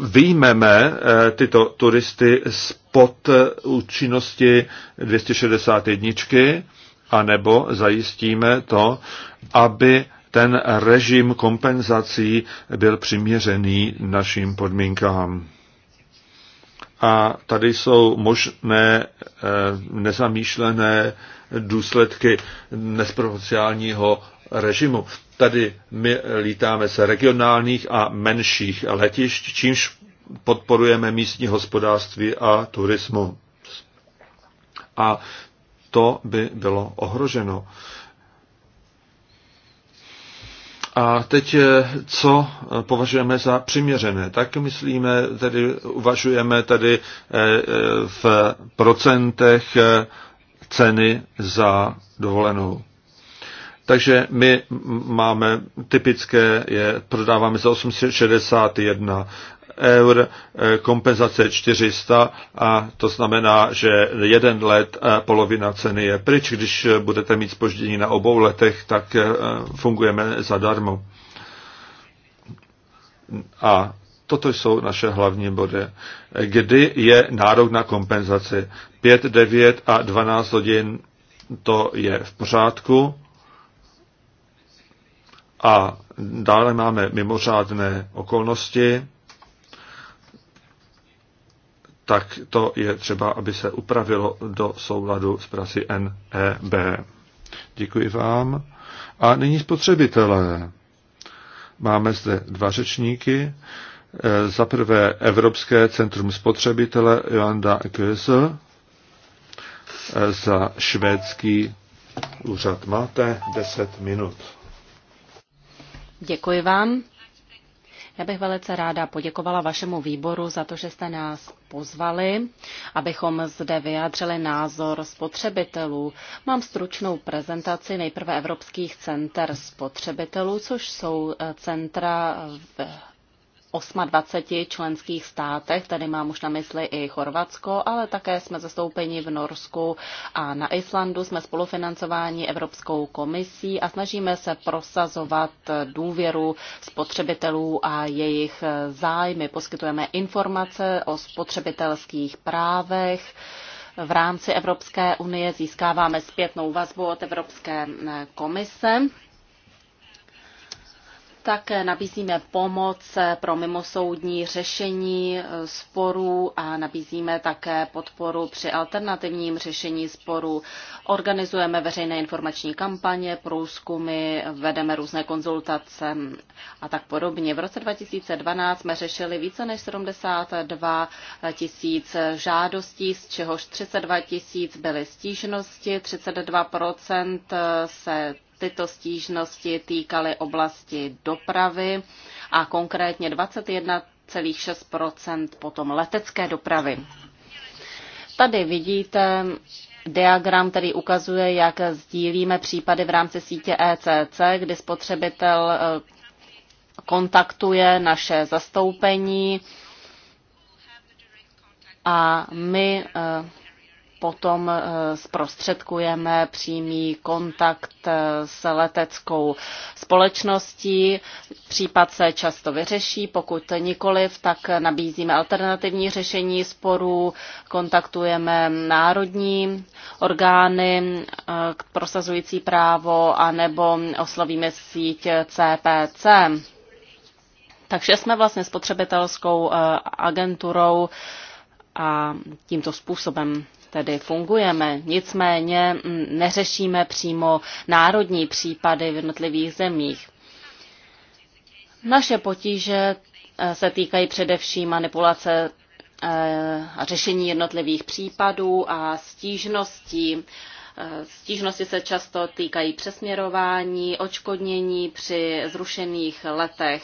vyjmeme eh, tyto turisty spod eh, účinnosti 261 a nebo zajistíme to, aby ten režim kompenzací byl přiměřený našim podmínkám. A tady jsou možné eh, nezamýšlené důsledky nesprovociálního režimu. Tady my lítáme z regionálních a menších letišť, čímž podporujeme místní hospodářství a turismu. A to by bylo ohroženo. A teď, eh, co považujeme za přiměřené? Tak myslíme, tedy uvažujeme tedy eh, eh, v procentech ceny za dovolenou. Takže my máme typické, je, prodáváme za 861 eur, eh, kompenzace 400 a to znamená, že jeden let polovina ceny je pryč. Když budete mít spoždění na obou letech, tak eh, fungujeme zadarmo. A toto jsou naše hlavní body. Kdy je nárok na kompenzaci? 5, 9 a 12 hodin to je v pořádku a dále máme mimořádné okolnosti, tak to je třeba, aby se upravilo do souladu s prací NEB. Děkuji vám. A nyní spotřebitelé. Máme zde dva řečníky. Eh, za prvé Evropské centrum spotřebitele Joanda Kösel eh, za švédský úřad. Máte 10 minut. Děkuji vám. Já bych velice ráda poděkovala vašemu výboru za to, že jste nás pozvali, abychom zde vyjádřili názor spotřebitelů. Mám stručnou prezentaci nejprve Evropských center spotřebitelů, což jsou eh, centra v 28 členských státech, tady mám už na mysli i Chorvatsko, ale také jsme zastoupeni v Norsku a na Islandu. Jsme spolufinancováni Evropskou komisí a snažíme se prosazovat důvěru spotřebitelů a jejich zájmy. Poskytujeme informace o spotřebitelských právech. V rámci Evropské unie získáváme zpětnou vazbu od Evropské komise také nabízíme pomoc pro mimosoudní řešení eh, sporů a nabízíme také podporu při alternativním řešení sporů. Organizujeme veřejné informační kampaně, průzkumy, vedeme různé konzultace a tak podobně. V roce 2012 jsme řešili více než 72 tisíc žádostí, z čehož 32 tisíc byly stížnosti, 32 se tyto stížnosti týkaly oblasti dopravy a konkrétně 21,6 potom letecké dopravy. Tady vidíte diagram, který ukazuje, jak sdílíme případy v rámci sítě ECC, kdy spotřebitel eh, kontaktuje naše zastoupení a my eh, potom eh, zprostředkujeme přímý kontakt eh, s leteckou společností. Případ se často vyřeší, pokud nikoliv, tak nabízíme alternativní řešení sporů, kontaktujeme národní orgány eh, prosazující právo a nebo oslovíme síť CPC. Takže jsme vlastně spotřebitelskou agenturou a tímto způsobem tedy fungujeme. Nicméně mm, neřešíme přímo národní případy v jednotlivých zemích. Naše potíže eh, se týkají především manipulace eh, a řešení jednotlivých případů a stížností. Eh, stížnosti se často týkají přesměrování, očkodnění při zrušených letech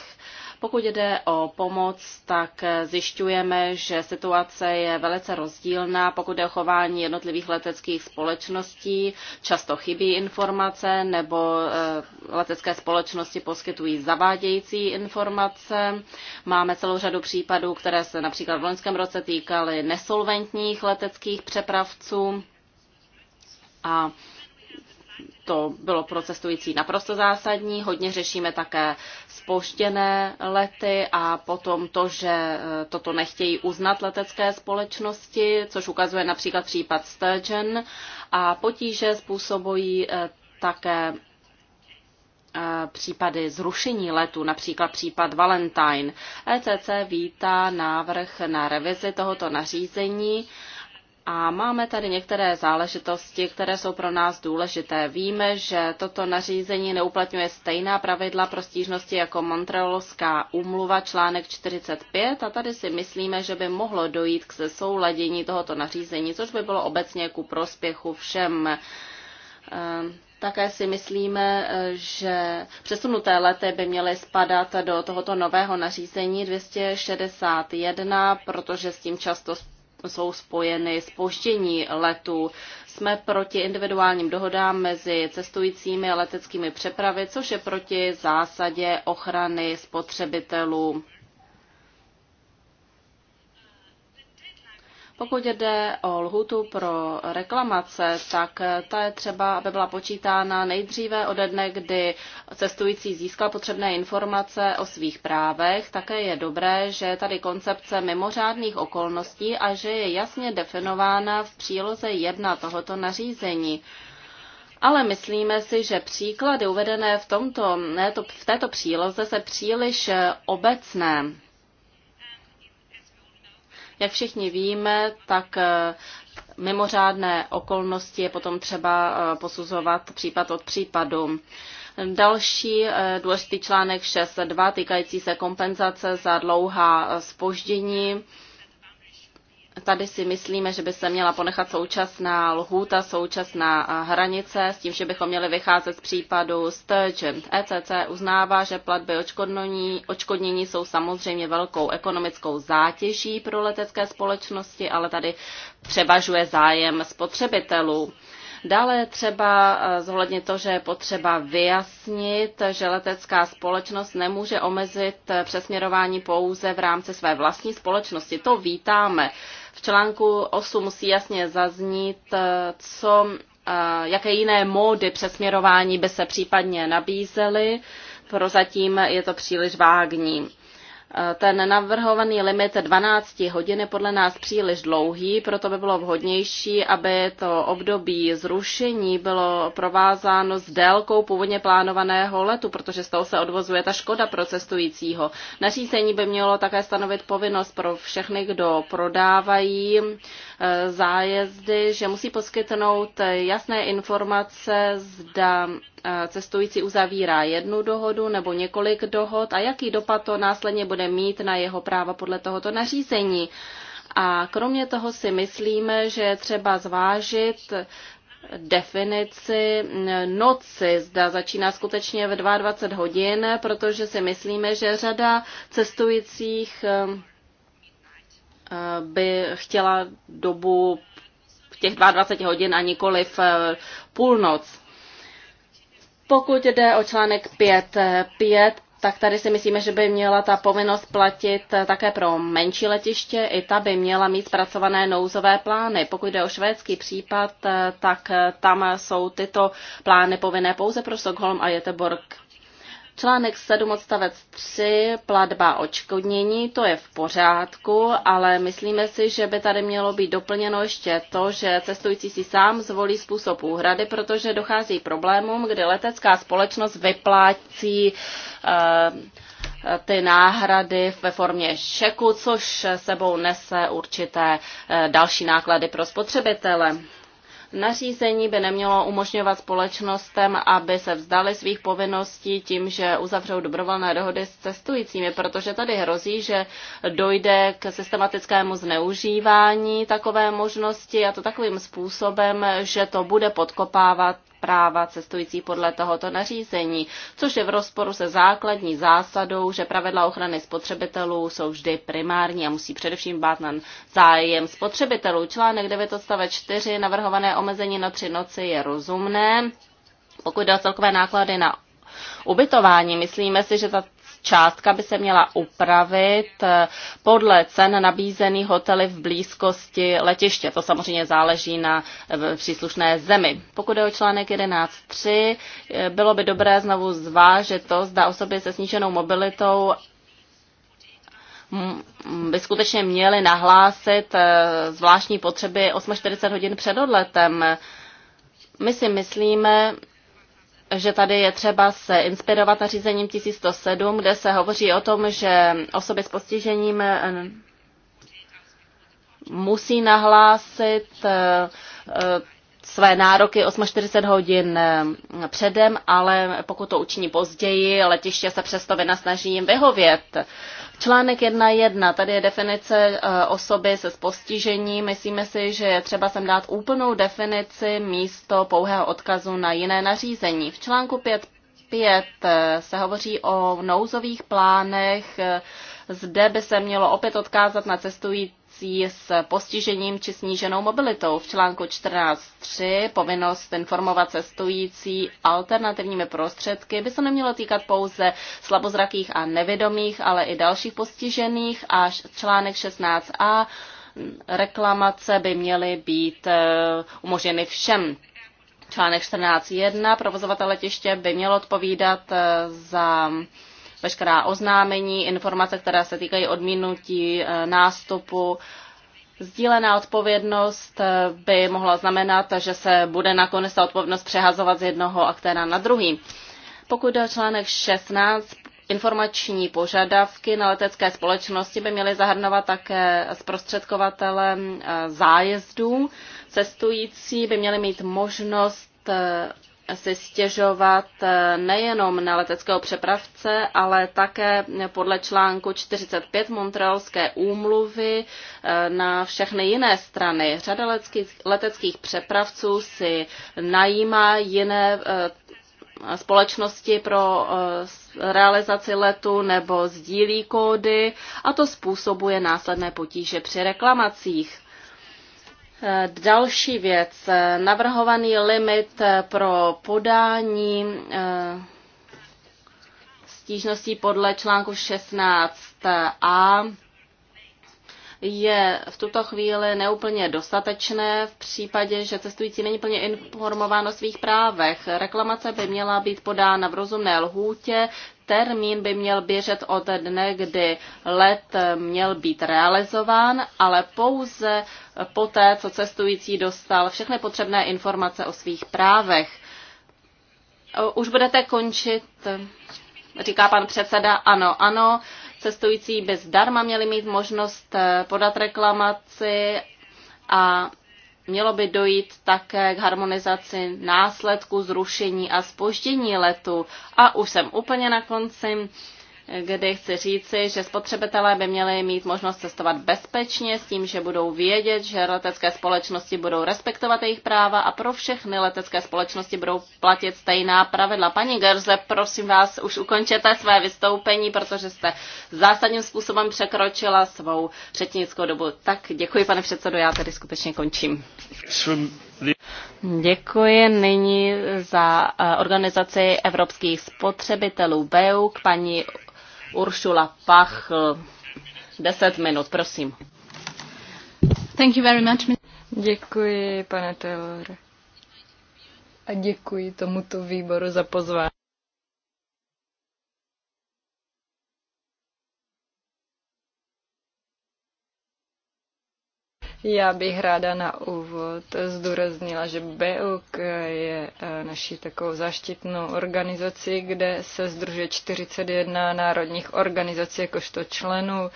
pokud jde o pomoc, tak zjišťujeme, že situace je velice rozdílná. Pokud jde o chování jednotlivých leteckých společností, často chybí informace nebo eh, letecké společnosti poskytují zavádějící informace. Máme celou řadu případů, které se například v loňském roce týkaly nesolventních leteckých přepravců. A to bylo pro cestující naprosto zásadní. Hodně řešíme také spoštěné lety a potom to, že e, toto nechtějí uznat letecké společnosti, což ukazuje například případ Sturgeon a potíže způsobují e, také e, případy zrušení letu, například případ Valentine. ECC vítá návrh na revizi tohoto nařízení a máme tady některé záležitosti, které jsou pro nás důležité. Víme, že toto nařízení neuplatňuje stejná pravidla pro stížnosti jako Montrealská úmluva článek 45 a tady si myslíme, že by mohlo dojít k souladění tohoto nařízení, což by bylo obecně ku prospěchu všem. Ehm, také si myslíme, že přesunuté lety by měly spadat do tohoto nového nařízení 261, protože s tím často jsou spojeny spoždění letů. Jsme proti individuálním dohodám mezi cestujícími a leteckými přepravy, což je proti zásadě ochrany spotřebitelů Pokud jde o lhutu pro reklamace, tak ta je třeba, aby byla počítána nejdříve ode dne, kdy cestující získal potřebné informace o svých právech. Také je dobré, že tady koncepce mimořádných okolností a že je jasně definována v příloze 1 tohoto nařízení ale myslíme si, že příklady uvedené v, tomto, ne, to, v této příloze se příliš obecné. Jak všichni víme, tak eh, mimořádné okolnosti je potom třeba eh, posuzovat případ od případu. Další eh, důležitý článek 6.2 týkající se kompenzace za dlouhá spoždění. Tady si myslíme, že by se měla ponechat současná lhůta, současná hranice, s tím, že bychom měli vycházet z případu Sturgeon. ECC uznává, že platby očkodnění, očkodnění jsou samozřejmě velkou ekonomickou zátěží pro letecké společnosti, ale tady převažuje zájem spotřebitelů. Dále třeba zohlednit to, že je potřeba vyjasnit, že letecká společnost nemůže omezit e, přesměrování pouze v rámci své vlastní společnosti. To vítáme. V článku 8 musí jasně zaznít, eh, co, eh, jaké jiné módy přesměrování by se případně nabízely. Prozatím je to příliš vágní. Ten navrhovaný limit 12 hodin je podle nás příliš dlouhý, proto by bylo vhodnější, aby to období zrušení bylo provázáno s délkou původně plánovaného letu, protože z toho se odvozuje ta škoda pro cestujícího. Nařízení by mělo také stanovit povinnost pro všechny, kdo prodávají eh, zájezdy, že musí poskytnout jasné informace, zda Eh, cestující uzavírá jednu dohodu nebo několik dohod a jaký dopad to následně bude mít na jeho práva podle tohoto nařízení. A kromě toho si myslíme, že je třeba zvážit definici noci, zda začíná skutečně v 22 hodin, protože si myslíme, že řada cestujících eh, eh, by chtěla dobu těch 22 hodin a nikoliv půlnoc. Pokud jde o článek 5.5, eh, tak tady si myslíme, že by měla ta povinnost platit eh, také pro menší letiště. I ta by měla mít zpracované nouzové plány. Pokud jde o švédský případ, eh, tak tam jsou tyto plány povinné pouze pro Stockholm a Göteborg. Článek 7 odstavec 3, platba očkodnění, to je v pořádku, ale myslíme si, že by tady mělo být doplněno ještě to, že cestující si sám zvolí způsob úhrady, protože dochází problémům, kdy letecká společnost vyplácí eh, ty náhrady ve formě šeku, což sebou nese určité eh, další náklady pro spotřebitele. Nařízení by nemělo umožňovat společnostem, aby se vzdali svých povinností tím, že uzavřou dobrovolné dohody s cestujícími, protože tady hrozí, že dojde k systematickému zneužívání takové možnosti a to takovým způsobem, že to bude podkopávat práva cestující podle tohoto nařízení, což je v rozporu se základní zásadou, že pravidla ochrany spotřebitelů jsou vždy primární a musí především bát na zájem spotřebitelů. Článek 9 odstavec 4 navrhované omezení na tři noci je rozumné. Pokud jde o celkové náklady na ubytování, myslíme si, že ta částka by se měla upravit eh, podle cen nabízených hotely v blízkosti letiště. To samozřejmě záleží na eh, příslušné zemi. Pokud je o článek 11.3, eh, bylo by dobré znovu zvážit to, zda osoby se sníženou mobilitou mm, mm, by skutečně měly nahlásit zvláštní potřeby 48 hodin před odletem. My si myslíme, že tady je třeba se inspirovat nařízením 1107, kde se hovoří o tom, že osoby s postižením eh, musí nahlásit eh, své nároky 48 hodin eh, předem, ale pokud to učiní později, letiště se přesto vynasnaží jim vyhovět. Článek 1.1, tady je definice eh, osoby se s postižením. Myslíme si, že je třeba sem dát úplnou definici místo pouhého odkazu na jiné nařízení. V článku 5.5 eh, se hovoří o nouzových plánech. Zde by se mělo opět odkázat na cestující pracující s postižením či sníženou mobilitou. V článku 14.3 povinnost informovat cestující alternativními prostředky by se nemělo týkat pouze slabozrakých a nevědomých, ale i dalších postižených a článek 16a reklamace by měly být eh, umožněny všem. Článek 14.1 provozovatel letiště by měl odpovídat eh, za veškerá oznámení, informace, která se týkají odmínutí eh, nástupu, Sdílená odpovědnost eh, by mohla znamenat, že se bude nakonec ta odpovědnost přehazovat z jednoho aktéra na druhý. Pokud jde o článek 16, informační požadavky na letecké společnosti by měly zahrnovat také zprostředkovatele eh, zájezdů. Cestující by měli mít možnost si stěžovat eh, nejenom na leteckého přepravce, ale také podle článku 45 Montrealské úmluvy eh, na všechny jiné strany. Řada leteckých, přepravců si najímá jiné eh, společnosti pro realizaci letu nebo sdílí kódy a to způsobuje následné potíže při reklamacích. Eh, další věc, eh, navrhovaný limit eh, pro podání stížností podle článku 16a je v tuto chvíli neúplně dostatečné v případě, že cestující není plně informován o svých právech. Reklamace by měla být podána v rozumné lhůtě termín by měl běžet od dne, kdy let měl být realizován, ale pouze poté, co cestující dostal všechny potřebné informace o svých právech. Už budete končit, říká pan předseda, ano, ano, cestující by zdarma měli mít možnost podat reklamaci a Mělo by dojít také k harmonizaci následku zrušení a spoždění letu. A už jsem úplně na konci kdy chci říci, že spotřebitelé by měli mít možnost cestovat bezpečně s tím, že budou vědět, že letecké společnosti budou respektovat jejich práva a pro všechny letecké společnosti budou platit stejná pravidla. Paní Gerze, prosím vás, už ukončete své vystoupení, protože jste zásadním způsobem překročila svou řečnickou dobu. Tak děkuji, pane předsedo, já tedy skutečně končím. Děkuji nyní za eh, organizaci evropských spotřebitelů BEUK paní Uršula Pach, deset minut, prosím. Thank you very much. Děkuji, pane Taylor. A děkuji tomuto výboru za pozvání. Já bych ráda na úvod zdůraznila, že BEUK je e, naší takovou zaštitnou organizací, kde se združuje 41 národních organizací jakožto členů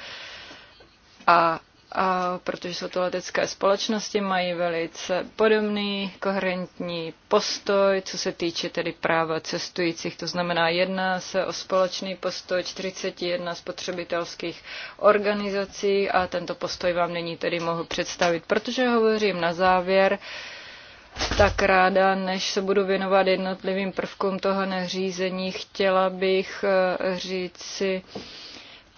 a a protože jsou to letecké společnosti, mají velice podobný koherentní postoj, co se týče tedy práva cestujících. To znamená, jedná se o společný postoj 41 spotřebitelských organizací a tento postoj vám není tedy mohu představit. Protože hovořím na závěr, tak ráda, než se budu věnovat jednotlivým prvkům toho neřízení, chtěla bych eh, říct si,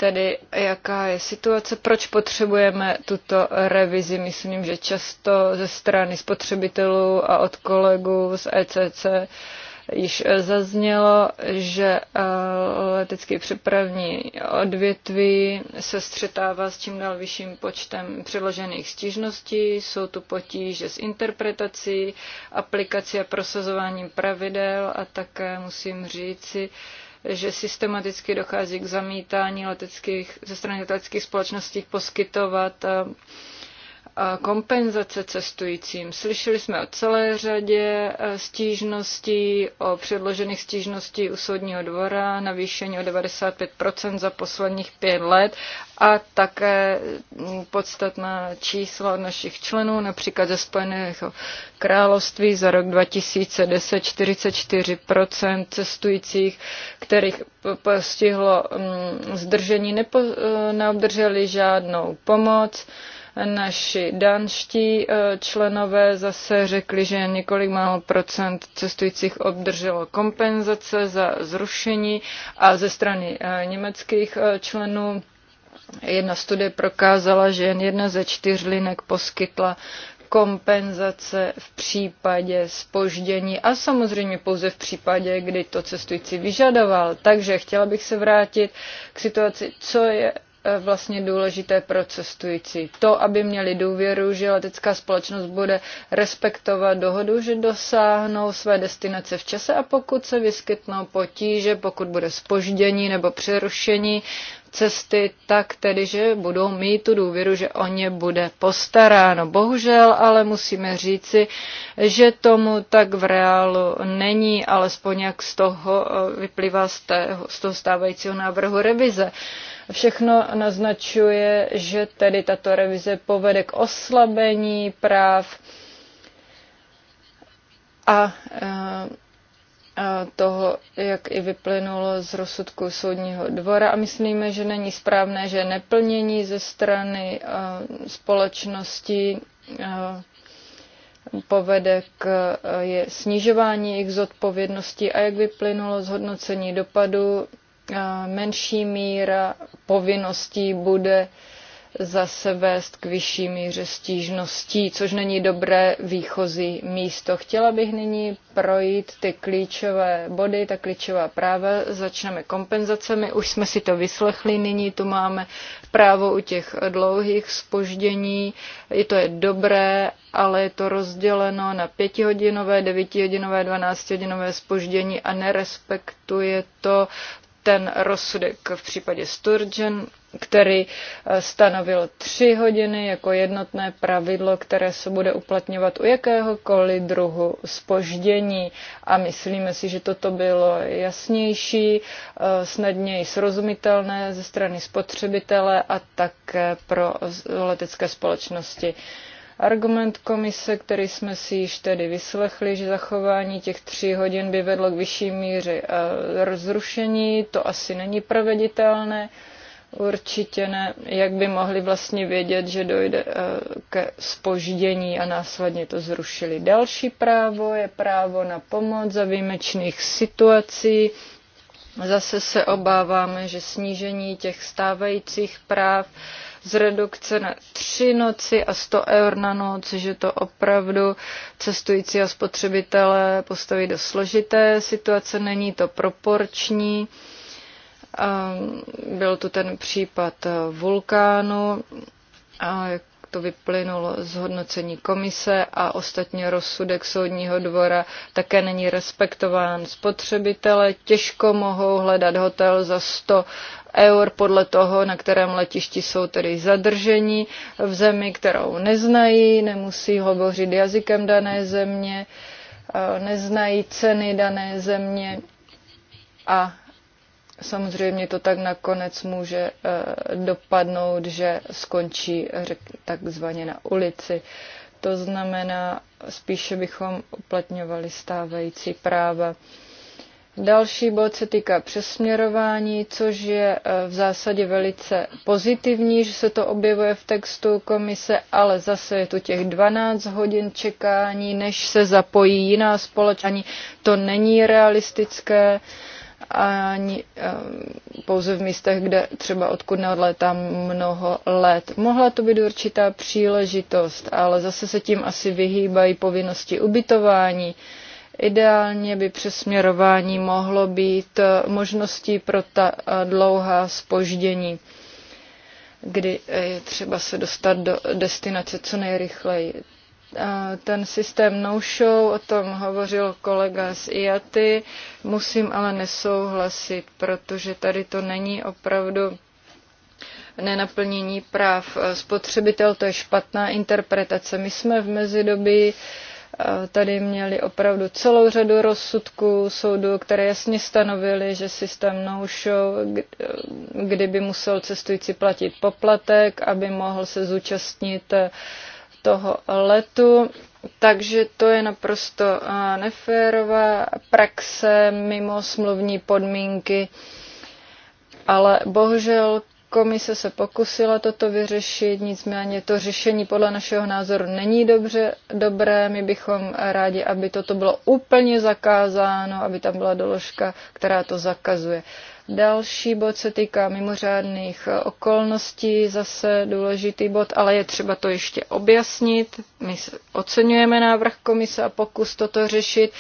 tedy jaká je situace, proč potřebujeme tuto revizi. Myslím, že často ze strany spotřebitelů a od kolegů z ECC již zaznělo, že eh, letecký přepravní odvětví se střetává s čím dál vyšším počtem předložených stížností, jsou tu potíže s interpretací, aplikací a prosazováním pravidel a také musím říci, že systematicky dochází k zamítání leteckých, ze strany leteckých společností poskytovat eh, kompenzace cestujícím. Slyšeli jsme o celé řadě e, stížností, o předložených stížností u soudního dvora, navýšení o 95% za posledních pět let a také mm, podstatná čísla od našich členů, například ze Spojeného království za rok 2010 44% cestujících, kterých postihlo mm, zdržení, nepo, e, neobdrželi žádnou pomoc. Naši danští e, členové zase řekli, že několik málo procent cestujících obdrželo kompenzace za zrušení a ze strany e, německých e, členů jedna studie prokázala, že jen jedna ze čtyř linek poskytla kompenzace v případě spoždění a samozřejmě pouze v případě, kdy to cestující vyžadoval. Takže chtěla bych se vrátit k situaci, co je Eh, vlastně důležité pro cestující. To, aby měli důvěru, že letecká společnost bude respektovat dohodu, že dosáhnou své destinace v čase a pokud se vyskytnou potíže, pokud bude spoždění nebo přerušení cesty, tak tedy, že budou mít tu důvěru, že o ně bude postaráno. Bohužel, ale musíme říci, že tomu tak v reálu není, alespoň jak z toho eh, vyplývá z, tého, z toho stávajícího návrhu revize. Všechno naznačuje, že tedy tato revize povede k oslabení práv a toho, jak i vyplynulo z rozsudku soudního dvora a myslíme, že není správné, že neplnění ze strany společnosti povede k je snižování jejich zodpovědnosti a jak vyplynulo z hodnocení dopadu, menší míra povinností bude zase vést k vyšší míře stížností, což není dobré výchozí místo. Chtěla bych nyní projít ty klíčové body, ta klíčová práva. Začneme kompenzacemi, už jsme si to vyslechli, nyní tu máme právo u těch dlouhých spoždění. I to je dobré, ale je to rozděleno na pětihodinové, devítihodinové, dvanáctihodinové spoždění a nerespektuje to ten rozsudek v případě Sturgeon, který eh, stanovil tři hodiny jako jednotné pravidlo, které se bude uplatňovat u jakéhokoliv druhu spoždění. A myslíme si, že toto bylo jasnější, eh, snadněji srozumitelné ze strany spotřebitele a také pro letecké společnosti. Argument komise, který jsme si již tedy vyslechli, že zachování těch tří hodin by vedlo k vyšší míře eh, rozrušení, to asi není proveditelné. Určitě ne. Jak by mohli vlastně vědět, že dojde eh, ke spoždění a následně to zrušili. Další právo je právo na pomoc za výjimečných situací. Zase se obáváme, že snížení těch stávajících práv z redukce na tři noci a 100 eur na noc, že to opravdu cestující a spotřebitelé postaví do složité situace, není to proporční. Byl tu ten případ eh, vulkánu, a jak to vyplynulo z hodnocení komise a ostatně rozsudek soudního dvora také není respektován. Spotřebitele těžko mohou hledat hotel za 100 eur podle toho, na kterém letišti jsou tedy zadrženi v zemi, kterou neznají, nemusí hovořit jazykem dané země, neznají ceny dané země a Samozřejmě to tak nakonec může eh, dopadnout, že skončí řek, takzvaně na ulici. To znamená, spíše bychom uplatňovali stávající práva. Další bod se týká přesměrování, což je eh, v zásadě velice pozitivní, že se to objevuje v textu komise, ale zase je tu těch 12 hodin čekání, než se zapojí jiná ani To není realistické. Uh, ani eh, pouze v místech, kde třeba odkud neodlétám mnoho let. Mohla to být určitá příležitost, ale zase se tím asi vyhýbají povinnosti ubytování. Ideálně by přesměrování mohlo být eh, možností pro ta eh, dlouhá spoždění, kdy je třeba se dostat do destinace co nejrychleji ten systém no-show, o tom hovořil kolega z IATY, musím ale nesouhlasit, protože tady to není opravdu nenaplnění práv spotřebitel, to je špatná interpretace. My jsme v mezidobí e, tady měli opravdu celou řadu rozsudků soudů, které jasně stanovily, že systém no-show, e, kdyby musel cestující platit poplatek, aby mohl se zúčastnit e, toho letu. Takže to je naprosto eh, neférová praxe mimo smluvní podmínky. Ale bohužel komise se pokusila toto vyřešit, nicméně to řešení podle našeho názoru není dobře, dobré. My bychom rádi, aby toto bylo úplně zakázáno, aby tam byla doložka, která to zakazuje. Další bod se týká mimořádných okolností, zase důležitý bod, ale je třeba to ještě objasnit. My oceňujeme návrh komise a pokus toto řešit.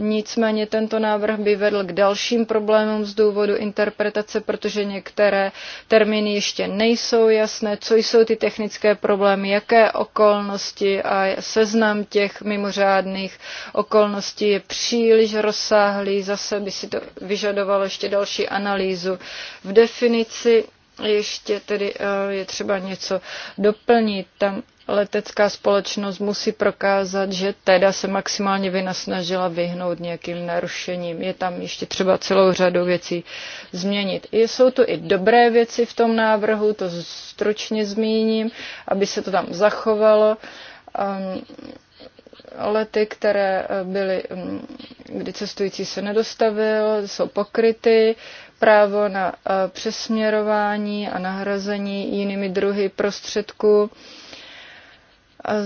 Nicméně tento návrh by vedl k dalším problémům z důvodu interpretace, protože některé termíny ještě nejsou jasné, co jsou ty technické problémy, jaké okolnosti a seznam těch mimořádných okolností je příliš rozsáhlý, zase by si to vyžadovalo ještě další analýzu. V definici ještě tedy eh, je třeba něco doplnit. Tam letecká společnost musí prokázat, že teda se maximálně vynasnažila vyhnout nějakým narušením. Je tam ještě třeba celou řadu věcí změnit. Jsou tu i dobré věci v tom návrhu, to stručně zmíním, aby se to tam zachovalo. Um, lety, které eh, byly, mm, kdy cestující se nedostavil, jsou pokryty, právo na eh, přesměrování a nahrazení jinými druhy prostředků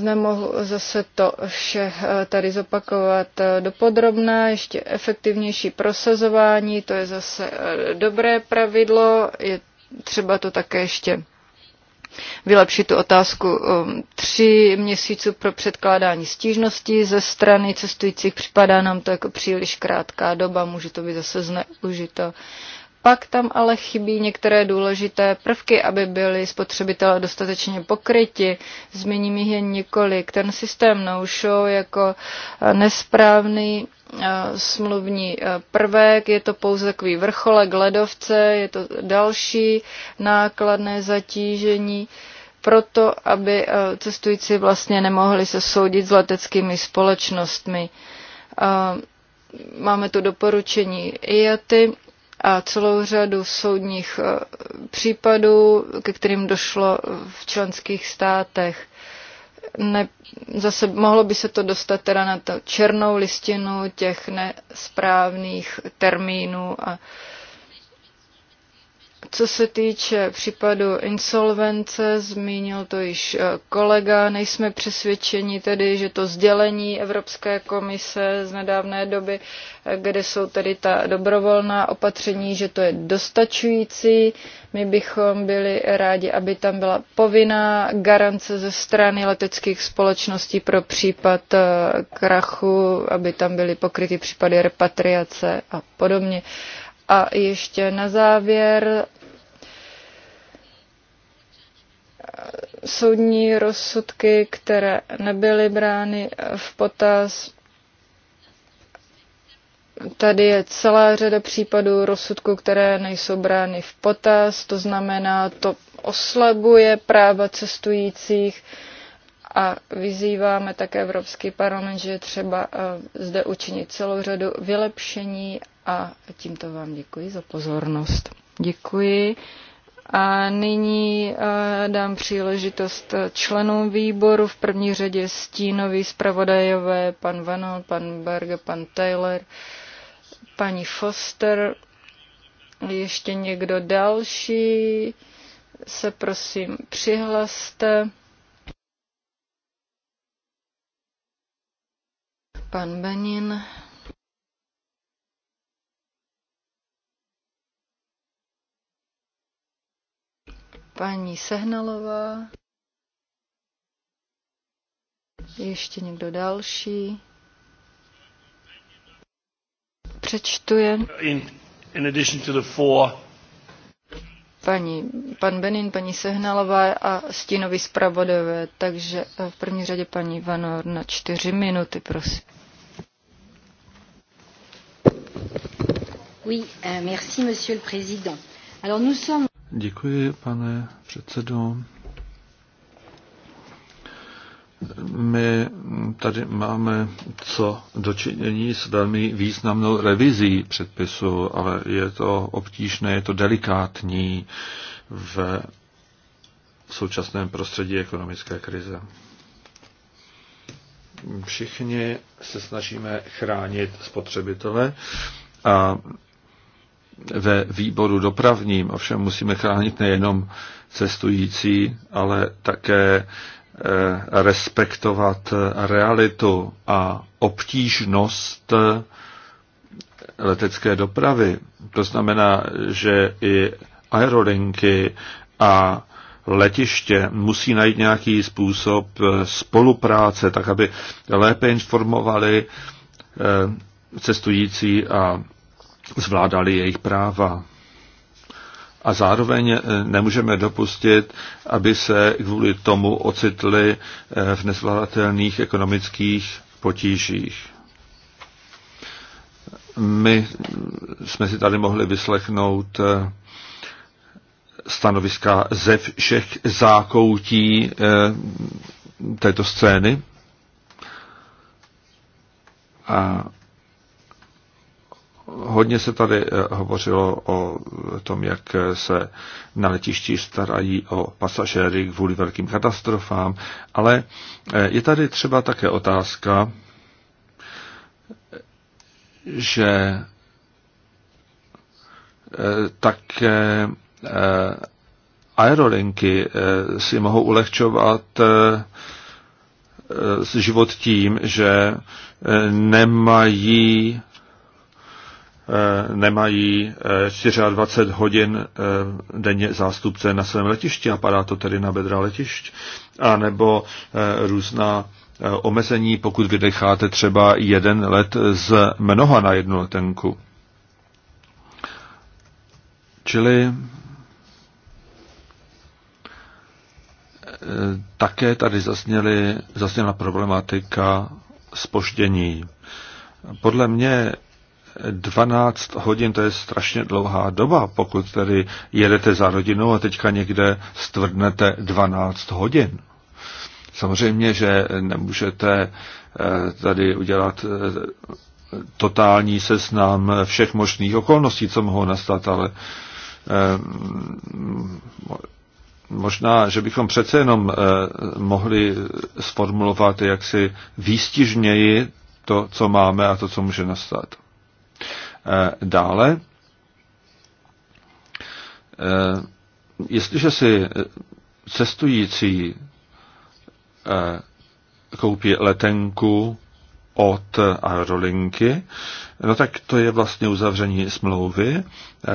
Nemohu zase to vše eh, tady zopakovat eh, dopodrobná, ještě efektivnější prosazování, to je zase eh, dobré pravidlo, je třeba to také ještě vylepšit tu otázku tři měsíců pro předkládání stížností ze strany cestujících. Připadá nám to jako příliš krátká doba, může to být zase zneužito. Pak tam ale chybí některé důležité prvky, aby byly spotřebitelé dostatečně pokryti. Zmíním jich jen několik. Ten systém no-show jako eh, nesprávný eh, smluvní eh, prvek, je to pouze takový vrcholek ledovce, je to další nákladné zatížení proto, aby cestující vlastně nemohli se soudit s leteckými společnostmi. Máme tu doporučení IATY, a celou řadu soudních eh, případů, ke kterým došlo v členských státech. Ne, zase mohlo by se to dostat teda na to černou listinu těch nesprávných termínů a uh, co se týče případu insolvence, zmínil to již eh, kolega, nejsme přesvědčeni tedy, že to sdělení Evropské komise z nedávné doby, eh, kde jsou tedy ta dobrovolná opatření, že to je dostačující. My bychom byli rádi, aby tam byla povinná garance ze strany leteckých společností pro případ eh, krachu, aby tam byly pokryty případy repatriace a podobně. A ještě na závěr soudní rozsudky, které nebyly brány v potaz. Tady je celá řada případů rozsudků, které nejsou brány v potaz, to znamená, to oslabuje práva cestujících a vyzýváme také Evropský parlament, že je třeba eh, zde učinit celou řadu vylepšení a tímto vám děkuji za pozornost. Děkuji. A nyní eh, dám příležitost členům výboru, v první řadě stínový zpravodajové, pan Vanol, pan Berge, pan Taylor, paní Foster, ještě někdo další, se prosím přihlaste. Pan Benin. Paní Sehnalová. Ještě někdo další? Přečtu je. In, in addition to the four paní, pan Benin, paní Sehnalová a stínový zpravodové, Takže v první řadě paní Vanor na čtyři minuty, prosím. Oui, euh, merci, monsieur le président. Alors nous sommes... Děkuji, pane předsedo. My tady máme co dočinění s velmi významnou revizí předpisu, ale je to obtížné, je to delikátní v současném prostředí ekonomické krize. Všichni se snažíme chránit spotřebitele a ve výboru dopravním ovšem musíme chránit nejenom cestující, ale také eh, respektovat realitu a obtížnost eh, letecké dopravy. To znamená, že i aerolinky a letiště musí najít nějaký způsob eh, spolupráce, tak aby lépe informovali cestující a zvládali jejich práva. A zároveň eh, nemůžeme dopustit, aby se kvůli tomu ocitli eh, v nezvládatelných ekonomických potížích. My jsme si tady mohli vyslechnout eh, stanoviska ze všech zákoutí této scény. A Hodně se tady eh, hovořilo o tom, jak se na letišti starají o pasažéry kvůli velkým katastrofám, ale eh, je tady třeba také otázka, že eh, také aerolinky si mohou ulehčovat život tím, že nemají Eh, nemají 24 eh, hodin eh, denně zástupce na svém letišti a padá to tedy na bedra letišť, a nebo různá omezení, pokud vydecháte třeba jeden let z mnoha na jednu letenku. Čili také tady zazněly, zazněla problematika spoždění. Podle mě 12 hodin, to je strašně dlouhá doba, pokud tedy jedete za rodinou a teďka někde stvrdnete 12 hodin. Samozřejmě, že nemůžete eh, tady udělat eh, totální seznam všech možných okolností, co mohou nastat, ale eh, možná, že bychom přece jenom mohli sformulovat jaksi výstižněji to, co máme a to, co může nastat. Eh, dále, eh, jestliže si eh, cestující koupí letenku od aerolinky, no tak to je vlastně uzavření smlouvy.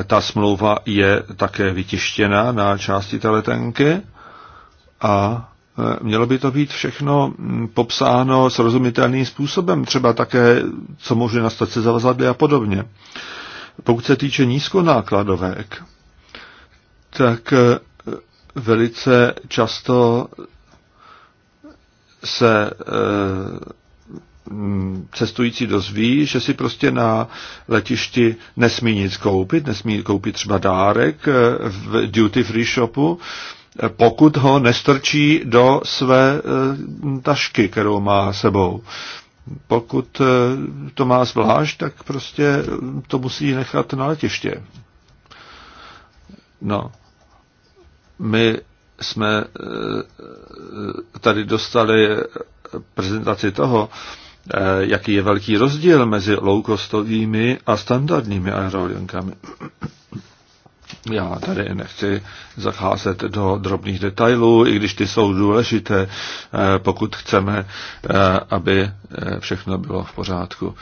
Ta smlouva je také vytištěna na části té letenky a Mělo by to být všechno mm, popsáno srozumitelným způsobem, třeba také, co může nastat se zavazadly a podobně. Pokud se týče nízkonákladovek, tak e, velice často se e, mm, cestující dozví, že si prostě na letišti nesmí nic koupit, nesmí koupit třeba dárek e, v duty free shopu, pokud ho nestrčí do své eh, tašky, kterou má sebou. Pokud eh, to má zvlášť, tak prostě eh, to musí nechat na letiště. No, my jsme tady dostali prezentaci toho, jaký je velký rozdíl mezi loukostovými a standardními aerolinkami. Já tady nechci zacházet do drobných detailů, i když ty jsou důležité, eh, pokud chceme, eh, aby eh, všechno bylo v pořádku.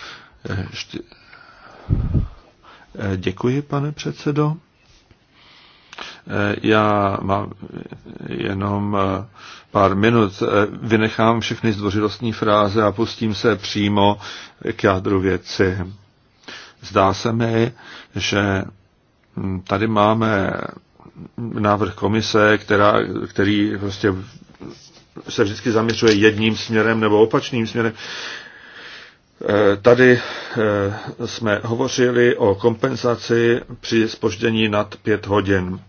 Ještě... Děkuji, pane předsedo. Já mám jenom pár minut, vynechám všechny zdvořilostní fráze a pustím se přímo k jádru věci. Zdá se mi, že tady máme návrh komise, která, který prostě se vždycky zaměřuje jedním směrem nebo opačným směrem. Eh, tady eh, jsme hovořili o kompenzaci při spoždění nad pět hodin.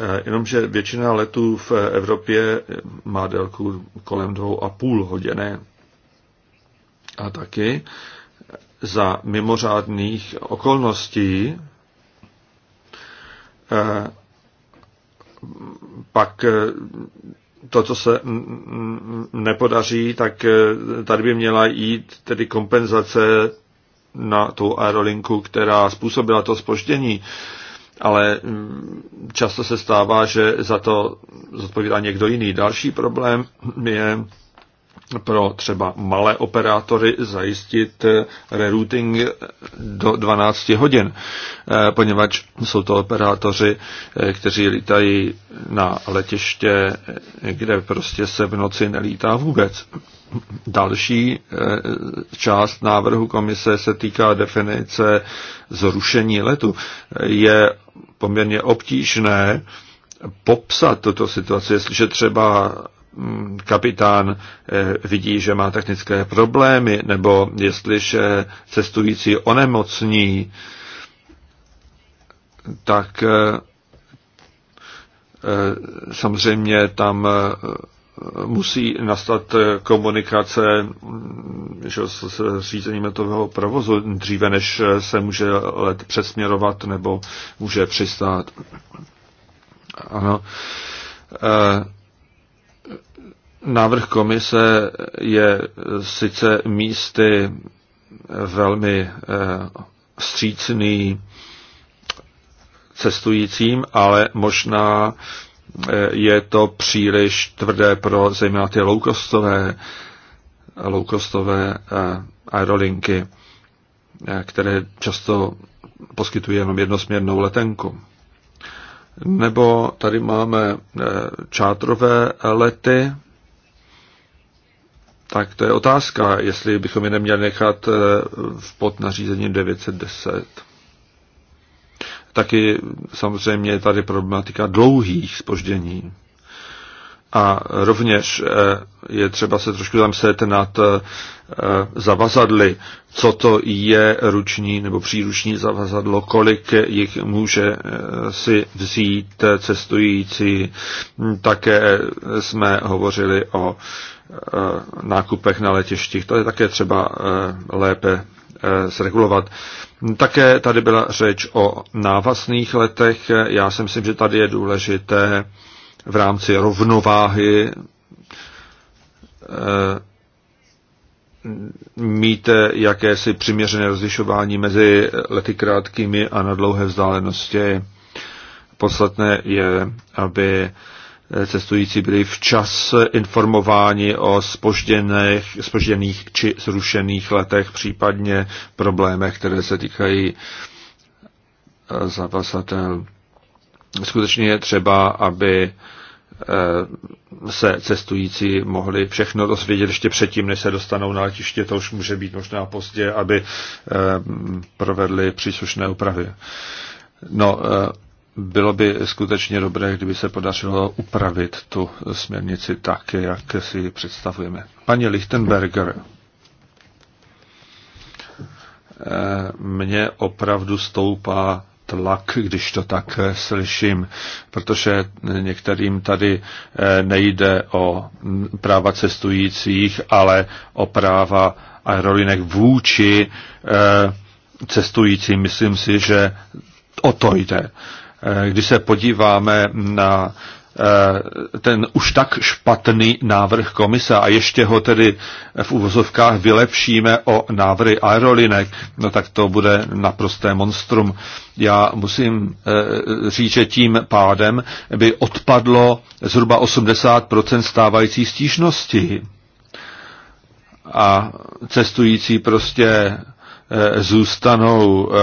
Eh, jenomže většina letů v Evropě má délku kolem dvou a půl hodiny. A taky za mimořádných okolností Eh, pak eh, to, co se nepodaří, tak eh, tady by měla jít tedy kompenzace na tu aerolinku, která způsobila to spoždění. Ale mm, často se stává, že za to zodpovídá někdo jiný. Další problém je pro třeba malé operátory zajistit eh, rerouting eh, do 12 hodin, eh, poněvadž jsou to operátoři, kteří lítají na letiště, kde prostě se v noci nelítá vůbec. Další část návrhu komise se týká definice zrušení letu. Je poměrně obtížné popsat tuto situaci, jestliže třeba Mm, kapitán eh, vidí, že má technické problémy, nebo jestliže cestující onemocní, tak eh, eh, samozřejmě tam musí nastat komunikace mm, že, s řízením toho provozu dříve, než se může let přesměrovat nebo může přistát. Ano. Návrh komise je sice místy velmi eh, vstřícný cestujícím, ale možná eh, je to příliš tvrdé pro zejména ty loukostové, loukostové eh, aerolinky, které často poskytují jenom jednosměrnou letenku. Nebo tady máme čátrové lety, tak to je otázka, jestli bychom je neměli nechat eh, v pod nařízení 910. Taky samozřejmě je tady problematika dlouhých spoždění. A rovněž eh, je třeba se trošku zamyslet nad eh, zavazadly, co to je ruční nebo příruční zavazadlo, kolik jich může si vzít cestující. Také jsme hovořili o Eh, nákupech na letištích. To je také třeba eh, lépe eh, zregulovat. Také tady byla řeč o návazných letech. Já si myslím, že tady je důležité v rámci rovnováhy mít jakési přiměřené rozlišování mezi lety krátkými a na dlouhé vzdálenosti. Podstatné je, aby cestující byli včas informováni o spožděných, spožděných či zrušených letech, případně problémech, které se týkají eh, zavazatel. Skutečně je třeba, aby eh, se cestující mohli všechno dozvědět ještě předtím, než se dostanou na letiště, to už může být možná pozdě, aby eh, provedli příslušné úpravy. No, bylo by skutečně dobré, kdyby se podařilo upravit tu směrnici tak, jak si ji představujeme. Paní Lichtenberger, eh, mně opravdu stoupá tlak, když to tak eh, slyším, protože některým tady eh, nejde o práva cestujících, ale o práva aerolinek vůči cestujícím. Myslím si, že o to jde. Eh, když se podíváme na eh, ten už tak špatný návrh komise a ještě ho tedy v uvozovkách vylepšíme o návrhy aerolinek, no tak to bude naprosté monstrum. Já musím eh, říct, že tím pádem by odpadlo zhruba 80% stávající stížností a cestující prostě Eh, zůstanou eh,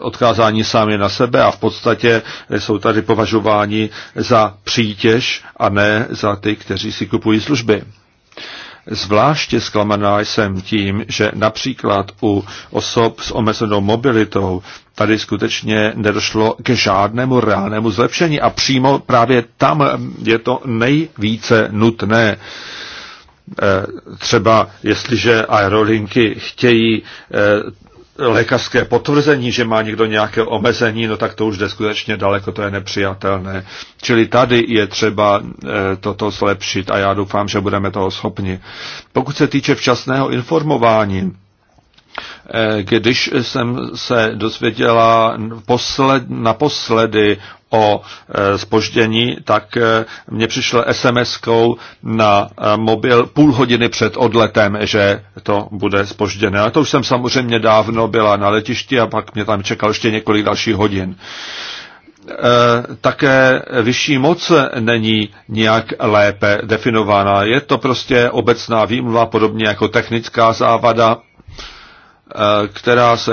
odkázáni sami na sebe a v podstatě jsou tady považováni za přítěž a ne za ty, kteří si kupují služby. Zvláště zklamaná jsem tím, že například u osob s omezenou mobilitou tady skutečně nedošlo k žádnému reálnému zlepšení a přímo právě tam je to nejvíce nutné. Eh, třeba jestliže aerolinky chtějí eh, lékařské potvrzení, že má někdo nějaké omezení, no tak to už jde skutečně daleko, to je nepřijatelné. Čili tady je třeba eh, toto zlepšit a já doufám, že budeme toho schopni. Pokud se týče včasného informování, když jsem se dozvěděla posled, naposledy o spoždění, tak mě přišlo SMS-kou na mobil půl hodiny před odletem, že to bude spožděné. A to už jsem samozřejmě dávno byla na letišti a pak mě tam čekal ještě několik dalších hodin také vyšší moc není nějak lépe definována. Je to prostě obecná výmluva, podobně jako technická závada, která se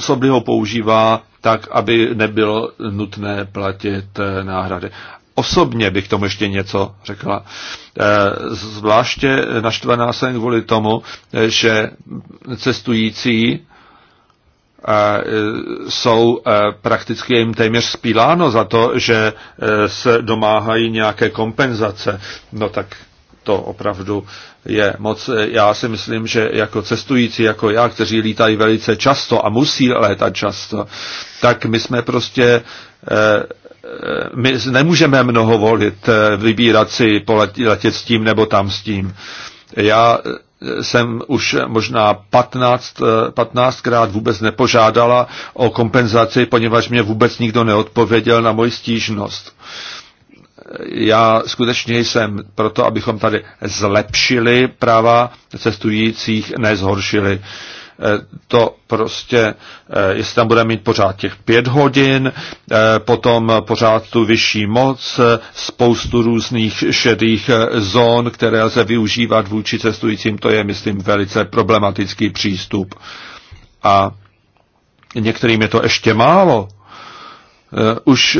soblivou používá tak aby nebylo nutné platit eh, náhrady. Osobně bych tomu ještě něco řekla. Eh, zvláště naštvaná jsem kvůli tomu, eh, že cestující jsou prakticky jim téměř spíláno za to, že se domáhají nějaké kompenzace. No tak to opravdu je moc. Já si myslím, že jako cestující, jako já, kteří lítají velice často a musí létat často, tak my jsme prostě eh, eh, my nemůžeme mnoho volit, eh, vybírat si letět s tím nebo tam s tím. Já jsem už možná 15, 15 krát vůbec nepožádala o kompenzaci, poněvadž mě vůbec nikdo neodpověděl na moji stížnost já skutečně jsem proto, abychom tady zlepšili práva cestujících, nezhoršili. E, to prostě, e, jestli tam budeme mít pořád těch pět hodin, e, potom pořád tu vyšší moc, spoustu různých šedých zón, které lze využívat vůči cestujícím, to je, myslím, velice problematický přístup. A některým je to ještě málo. Už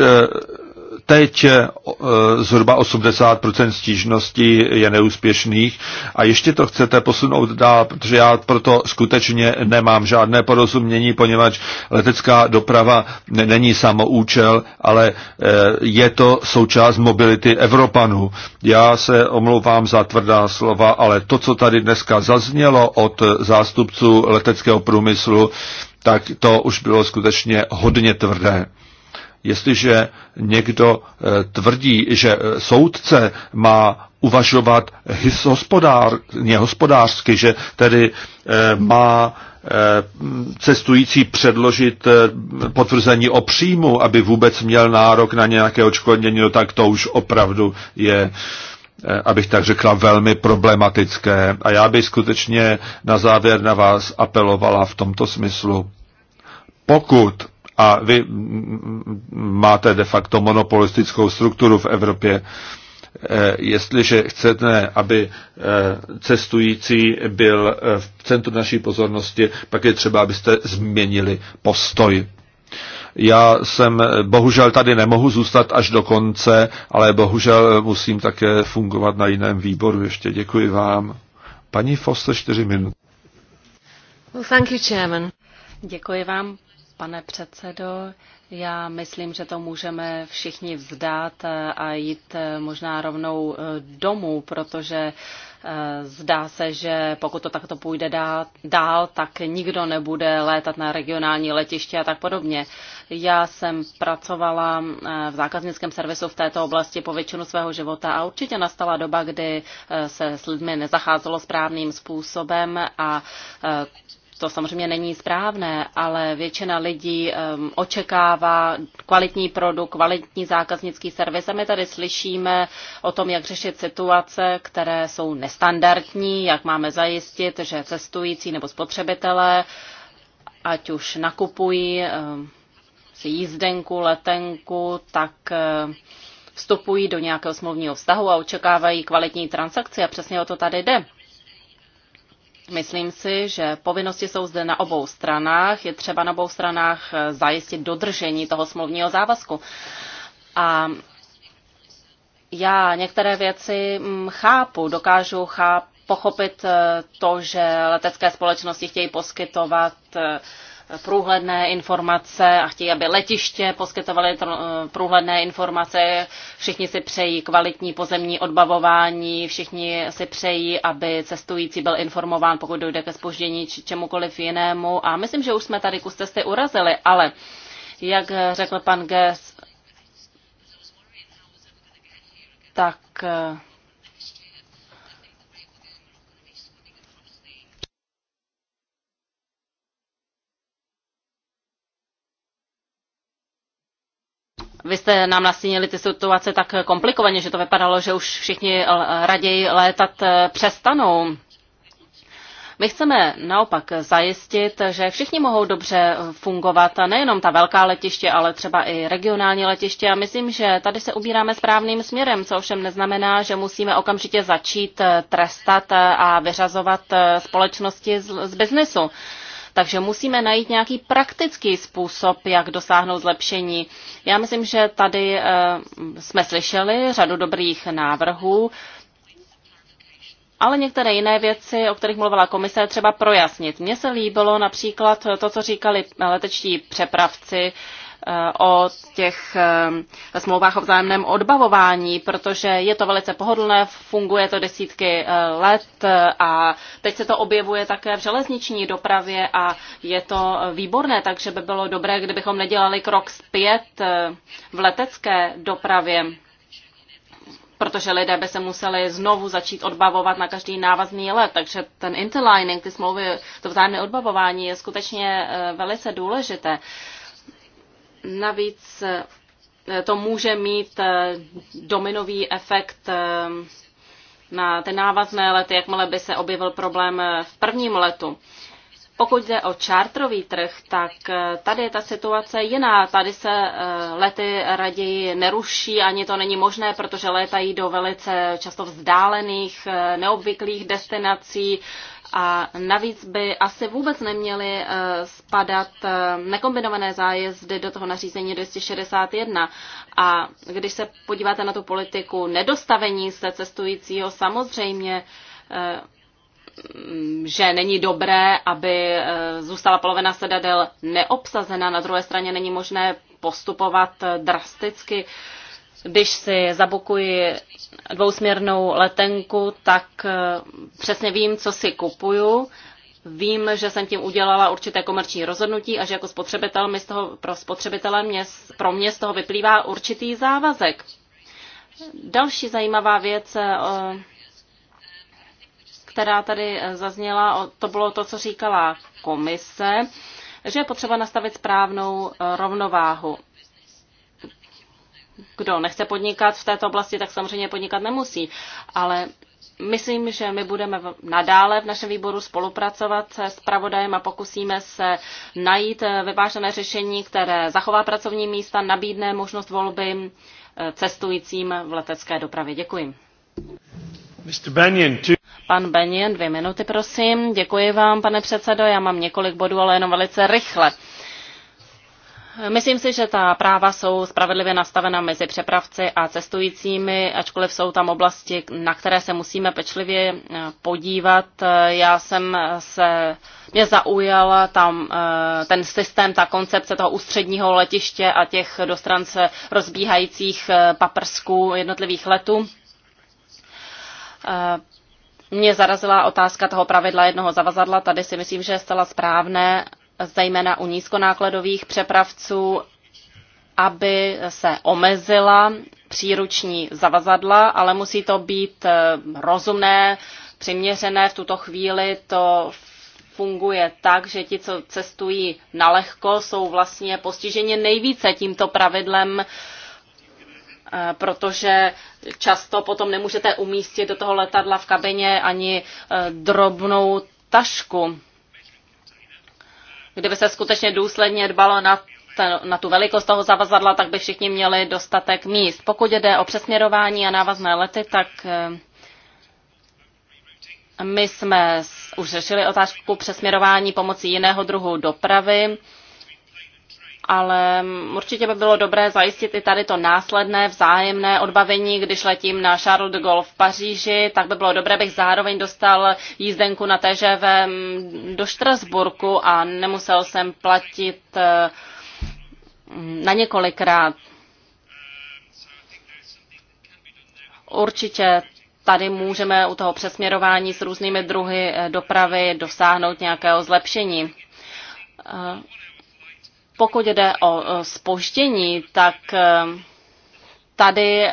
teď eh, zhruba 80% stížností je neúspěšných a ještě to chcete posunout dál, protože já proto skutečně nemám žádné porozumění, poněvadž letecká doprava není samoučel, ale eh, je to součást mobility Evropanů. Já se omlouvám za tvrdá slova, ale to, co tady dneska zaznělo od zástupců leteckého průmyslu, tak to už bylo skutečně hodně tvrdé. Jestliže někdo eh, tvrdí, že eh, soudce má uvažovat hospodárně, hospodářsky, že tedy eh, má cestující předložit potvrzení o příjmu, aby vůbec měl nárok na nějaké očkodnění, no tak to už opravdu je abych tak řekla, velmi problematické. A já bych skutečně na závěr na vás apelovala v tomto smyslu. Pokud a vy máte de facto monopolistickou strukturu v Evropě. E, jestliže chcete, aby e, cestující byl e, v centru naší pozornosti, pak je třeba, abyste změnili postoj. Já jsem bohužel tady nemohu zůstat až do konce, ale bohužel musím také fungovat na jiném výboru. Ještě děkuji vám. Paní Foster, čtyři minuty. Well, thank you, chairman. Děkuji vám, Pane předsedo, já myslím, že to můžeme všichni vzdát a jít eh, možná rovnou eh, domů, protože eh, zdá se, že pokud to takto půjde dál, tak nikdo nebude létat na regionální letiště a tak podobně. Já jsem pracovala v zákaznickém servisu v této oblasti po většinu svého života a určitě nastala doba, kdy se s lidmi nezacházelo správným způsobem a to samozřejmě není správné, ale většina lidí um, očekává kvalitní produkt, kvalitní zákaznický servis a my tady slyšíme o tom, jak řešit situace, které jsou nestandardní, jak máme zajistit, že cestující nebo spotřebitelé, ať už nakupují um, si jízdenku, letenku, tak um, vstupují do nějakého smluvního vztahu a očekávají kvalitní transakci a přesně o to tady jde. Myslím si, že povinnosti jsou zde na obou stranách. Je třeba na obou stranách eh, zajistit dodržení toho smluvního závazku. A já některé věci mm, chápu, dokážu chápu pochopit eh, to, že letecké společnosti chtějí poskytovat eh, průhledné informace a chtějí, aby letiště poskytovaly eh, průhledné informace. Všichni si přejí kvalitní pozemní odbavování, všichni si přejí, aby cestující byl informován, pokud dojde ke spoždění či čemukoliv jinému. A myslím, že už jsme tady kus cesty urazili, ale jak řekl pan Ges, tak eh, Vy jste nám nastínili ty situace tak komplikovaně, že to vypadalo, že už všichni raději létat eh, přestanou. My chceme naopak zajistit, že všichni mohou dobře fungovat, a nejenom ta velká letiště, ale třeba i regionální letiště. A myslím, že tady se ubíráme správným směrem, co ovšem neznamená, že musíme okamžitě začít eh, trestat eh, a vyřazovat společnosti z, z biznesu. Takže musíme najít nějaký praktický způsob, jak dosáhnout zlepšení. Já myslím, že tady eh, jsme slyšeli řadu dobrých návrhů, ale některé jiné věci, o kterých mluvila komise, třeba projasnit. Mně se líbilo například to, co říkali letečtí přepravci, Eh, o těch eh, smlouvách o vzájemném odbavování, protože je to velice pohodlné, funguje to desítky eh, let a teď se to objevuje také v železniční dopravě a je to výborné, takže by bylo dobré, kdybychom nedělali krok zpět v letecké dopravě protože lidé by se museli znovu začít odbavovat na každý návazný let. Takže ten interlining, ty smlouvy, to vzájemné odbavování je skutečně velice důležité. Navíc eh, to může mít eh, dominový efekt eh, na ty návazné lety, jakmile by se objevil problém v prvním letu. Pokud jde o čártrový trh, tak tady je ta situace jiná. Tady se lety raději neruší, ani to není možné, protože létají do velice často vzdálených, neobvyklých destinací, a navíc by asi vůbec neměly eh, spadat eh, nekombinované zájezdy do toho nařízení 261. A když se podíváte na tu politiku nedostavení se cestujícího, samozřejmě eh, že není dobré, aby zůstala polovina sedadel neobsazena. Na druhé straně není možné postupovat drasticky když si zabukuji dvousměrnou letenku, tak eh, přesně vím, co si kupuju. Vím, že jsem tím udělala určité komerční rozhodnutí a že jako spotřebitel mi z toho, pro spotřebitele mě, pro mě z toho vyplývá určitý závazek. Další zajímavá věc, eh, která tady eh, zazněla, to bylo to, co říkala komise, že je potřeba nastavit správnou rovnováhu kdo nechce podnikat v této oblasti, tak samozřejmě podnikat nemusí. Ale myslím, že my budeme nadále v našem výboru spolupracovat s pravodajem a pokusíme se najít eh, vyvážené řešení, které zachová pracovní místa, nabídne možnost volby eh, cestujícím v letecké dopravě. Děkuji. Mr. Bennion, two... Pan Benjen, dvě minuty, prosím. Děkuji vám, pane předsedo. Já mám několik bodů, ale jenom velice rychle. Myslím si, že ta práva jsou spravedlivě nastavena mezi přepravci a cestujícími, ačkoliv jsou tam oblasti, na které se musíme pečlivě eh, podívat. Eh, já jsem se, mě zaujal tam eh, ten systém, ta koncepce toho ústředního letiště a těch dostrance rozbíhajících paprsků jednotlivých letů. Mě zarazila otázka toho pravidla jednoho zavazadla. Tady si myslím, že je zcela správné, zejména u nízkonákladových přepravců, aby se omezila příruční zavazadla, ale musí to být eh, rozumné, přiměřené. V tuto chvíli to funguje tak, že ti, co cestují na lehko, jsou vlastně postiženi nejvíce tímto pravidlem, eh, protože často potom nemůžete umístit do toho letadla v kabině ani eh, drobnou tašku kdyby se skutečně důsledně dbalo na na tu velikost toho zavazadla, tak by všichni měli dostatek míst. Pokud jde o přesměrování a návazné lety, tak eh, my jsme už řešili otázku přesměrování pomocí jiného druhu dopravy ale určitě by bylo dobré zajistit i tady to následné vzájemné odbavení, když letím na Charles de Gaulle v Paříži, tak by bylo dobré, bych zároveň dostal jízdenku na TGV mm, do Štrasburku a nemusel jsem platit eh, na několikrát. Určitě tady můžeme u toho přesměrování s různými druhy eh, dopravy dosáhnout nějakého zlepšení. Eh, pokud jde o spoždění, e, tak e, tady e,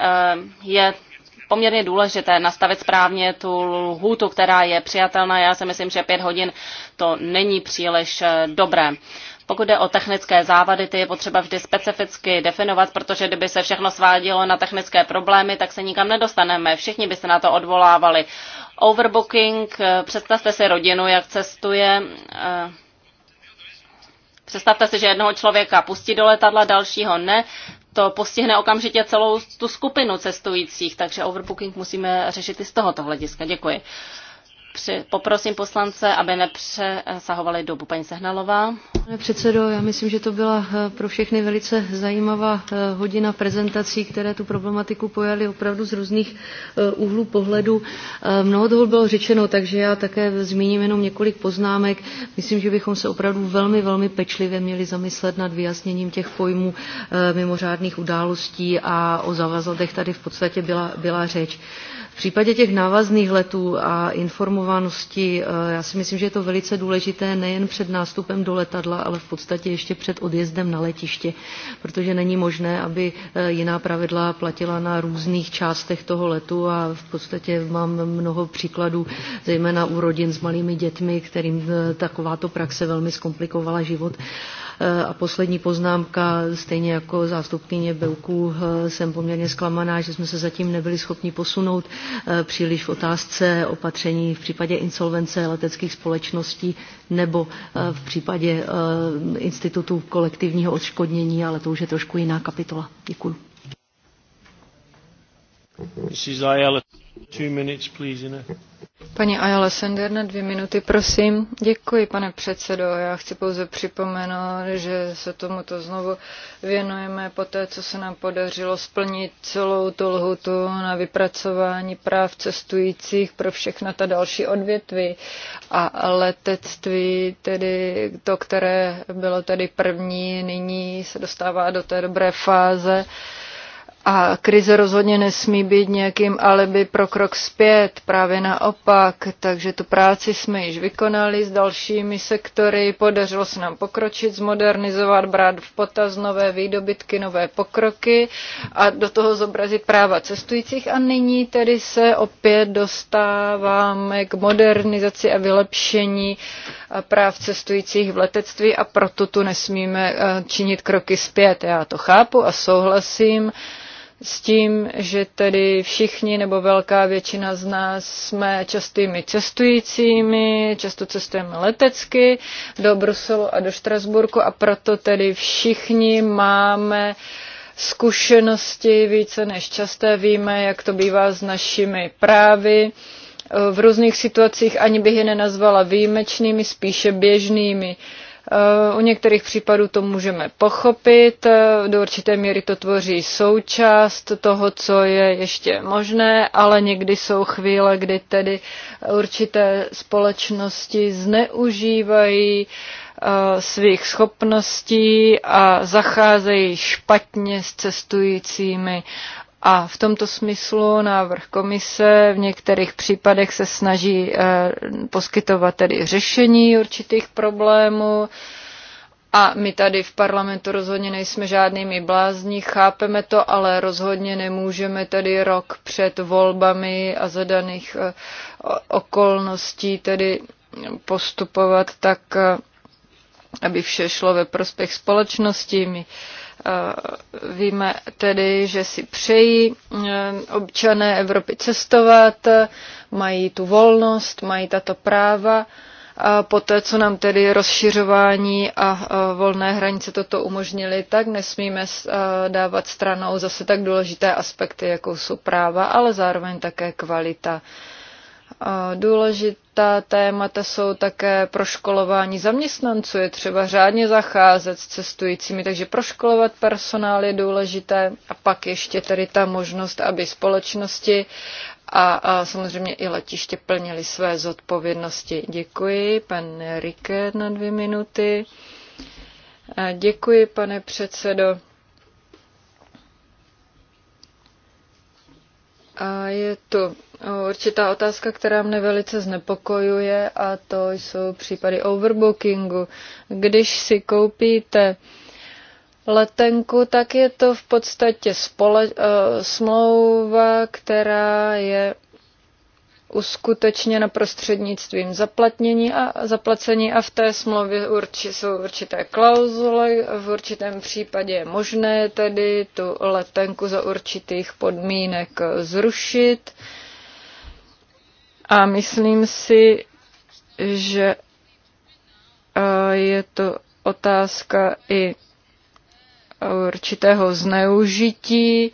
je poměrně důležité nastavit správně tu lhůtu, která je přijatelná. Já si myslím, že pět hodin to není příliš dobré. Pokud jde o technické závady, ty je potřeba vždy specificky definovat, protože kdyby se všechno svádělo na technické problémy, tak se nikam nedostaneme. Všichni by se na to odvolávali. Overbooking, představte si rodinu, jak cestuje Představte si, že jednoho člověka pustí do letadla, dalšího ne. To postihne okamžitě celou tu skupinu cestujících, takže overbooking musíme řešit i z tohoto hlediska. Děkuji. Při, poprosím poslance, aby nepřesahovali dobu. Paní Sehnalová. Pane předsedo, já myslím, že to byla eh, pro všechny velice zajímavá eh, hodina prezentací, které tu problematiku pojaly opravdu z různých eh, úhlů pohledu. Mnoho toho bylo řečeno, takže já také zmíním jenom několik poznámek. Myslím, že bychom se opravdu velmi, velmi pečlivě měli zamyslet nad vyjasněním těch pojmů mimořádných událostí a o zavazatech tady v podstatě byla, byla řeč. V případě těch návazných letů a informovanosti, eh, já si myslím, že je to velice důležité nejen před nástupem do letadla, ale v podstatě ještě před odjezdem na letiště, protože není možné, aby eh, jiná pravidla platila na různých částech toho letu a v podstatě mám mnoho příkladů, zejména u rodin s malými dětmi, kterým eh, takováto praxe velmi zkomplikovala život. Uh, Eh, a poslední poznámka, stejně jako zástupkyně Belků, eh, jsem poměrně zklamaná, že jsme se zatím nebyli schopni posunout eh, příliš v otázce opatření v případě insolvence leteckých společností nebo v případě institutu kolektivního odškodnění, ale to už je trošku jiná kapitola. Děkuji. two minutes, please, Paní Ayala Sender na dvě minuty, prosím. Děkuji, pane předsedo. Já chci pouze připomenout, že se tomuto znovu věnujeme po té, co se nám podařilo splnit celou tu lhutu na vypracování práv cestujících pro všechna ta další odvětví a letectví, tedy to, které bylo tady první, nyní se dostává do té dobré fáze. Uh, a krize rozhodně nesmí být nějakým alibi pro krok zpět, právě naopak. Takže tu práci jsme již vykonali s dalšími sektory, podařilo se nám pokročit, zmodernizovat, brát v potaz nové výdobytky, nové pokroky a do toho zobrazit práva cestujících. A nyní tedy se opět dostáváme k modernizaci a vylepšení práv cestujících v letectví a proto tu nesmíme eh, činit kroky zpět. Já to chápu a souhlasím s tím, že tedy všichni nebo velká většina z nás jsme častými cestujícími, často cestujeme letecky do Bruselu a do Štrasburku a proto tedy všichni máme zkušenosti více než časté, víme, jak to bývá s našimi právy. V různých situacích ani bych je nenazvala výjimečnými, spíše běžnými. Uh, Eh, u některých případů to můžeme pochopit, eh, do určité míry to tvoří součást toho, co je ještě možné, ale někdy jsou chvíle, kdy tedy určité společnosti zneužívají eh, svých schopností a zacházejí špatně s cestujícími. A v tomto smyslu návrh komise v některých případech se snaží eh, poskytovat tedy řešení určitých problémů. A my tady v parlamentu rozhodně nejsme žádnými blázní, chápeme to, ale rozhodně nemůžeme tady rok před volbami a zadaných eh, okolností tedy postupovat tak, eh, aby vše šlo ve prospěch společnosti. My Eh, víme tedy, že si přejí eh, občané Evropy cestovat, mají tu volnost, mají tato práva. A poté, co nám tedy rozšiřování a eh, volné hranice toto umožnili, tak nesmíme dávat stranou zase tak důležité aspekty, jako jsou práva, ale zároveň také kvalita. Důležit, ta témata jsou také proškolování zaměstnanců. Je třeba řádně zacházet s cestujícími, takže proškolovat personál je důležité. A pak ještě tady ta možnost, aby společnosti a, a samozřejmě i letiště plnili své zodpovědnosti. Děkuji, pan Rike na dvě minuty. Děkuji, pane předsedo. A je to eh, určitá otázka, která mne velice znepokojuje a to jsou případy overbookingu. Když si koupíte letenku, tak je to v podstatě spole- eh, smlouva, která je uskutečněna prostřednictvím zaplatnění a zaplacení a v té smlouvě urči, jsou určité klauzule, V určitém případě je možné tedy tu letenku za určitých podmínek zrušit. A myslím si, že eh, je to otázka i určitého zneužití,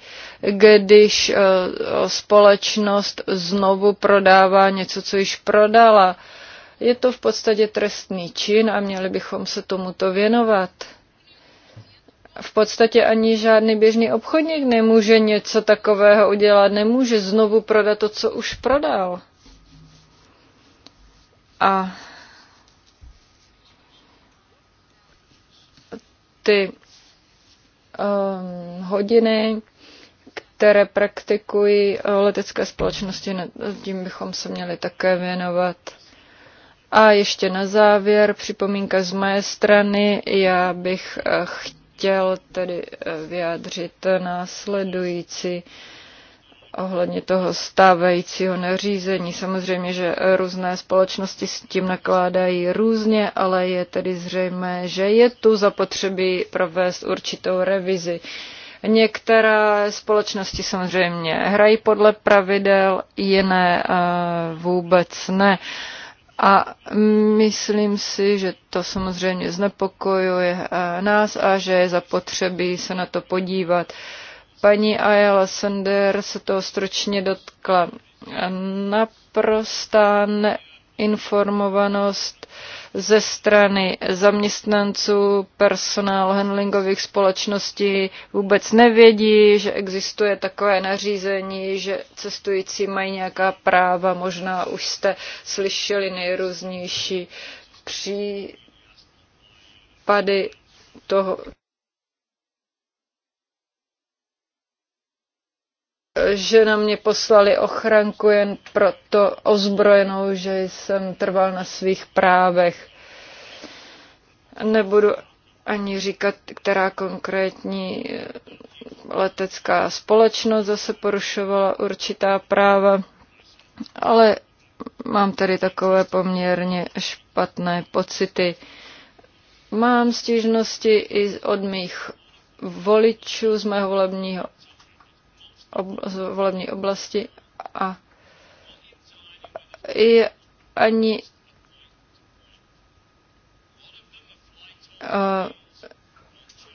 když eh, společnost znovu prodává něco, co již prodala. Je to v podstatě trestný čin a měli bychom se tomuto věnovat. V podstatě ani žádný běžný obchodník nemůže něco takového udělat, nemůže znovu prodat to, co už prodal. A ty Um, hodiny, které praktikují uh, letecké společnosti, tím bychom se měli také věnovat. A ještě na závěr připomínka z mé strany. Já bych uh, chtěl tedy uh, vyjádřit následující. Uh, ohledně toho stávajícího nařízení. Samozřejmě, že různé společnosti s tím nakládají různě, ale je tedy zřejmé, že je tu zapotřebí provést určitou revizi. Některé společnosti samozřejmě hrají podle pravidel, jiné eh, vůbec ne. A myslím si, že to samozřejmě znepokojuje eh, nás a že je zapotřebí se na to podívat. Uh, Paní Ayala Sender se toho stročně dotkla. Naprostá neinformovanost ze strany zaměstnanců, personál handlingových společností vůbec nevědí, že existuje takové nařízení, že cestující mají nějaká práva. Možná už jste slyšeli nejrůznější případy toho že na mě poslali ochranku jen proto ozbrojenou, že jsem trval na svých právech. Nebudu ani říkat, která konkrétní eh, letecká společnost zase porušovala určitá práva, ale mám tady takové poměrně špatné pocity. Mám stížnosti i od mých voličů z mého volebního ob- z volební oblasti a i ani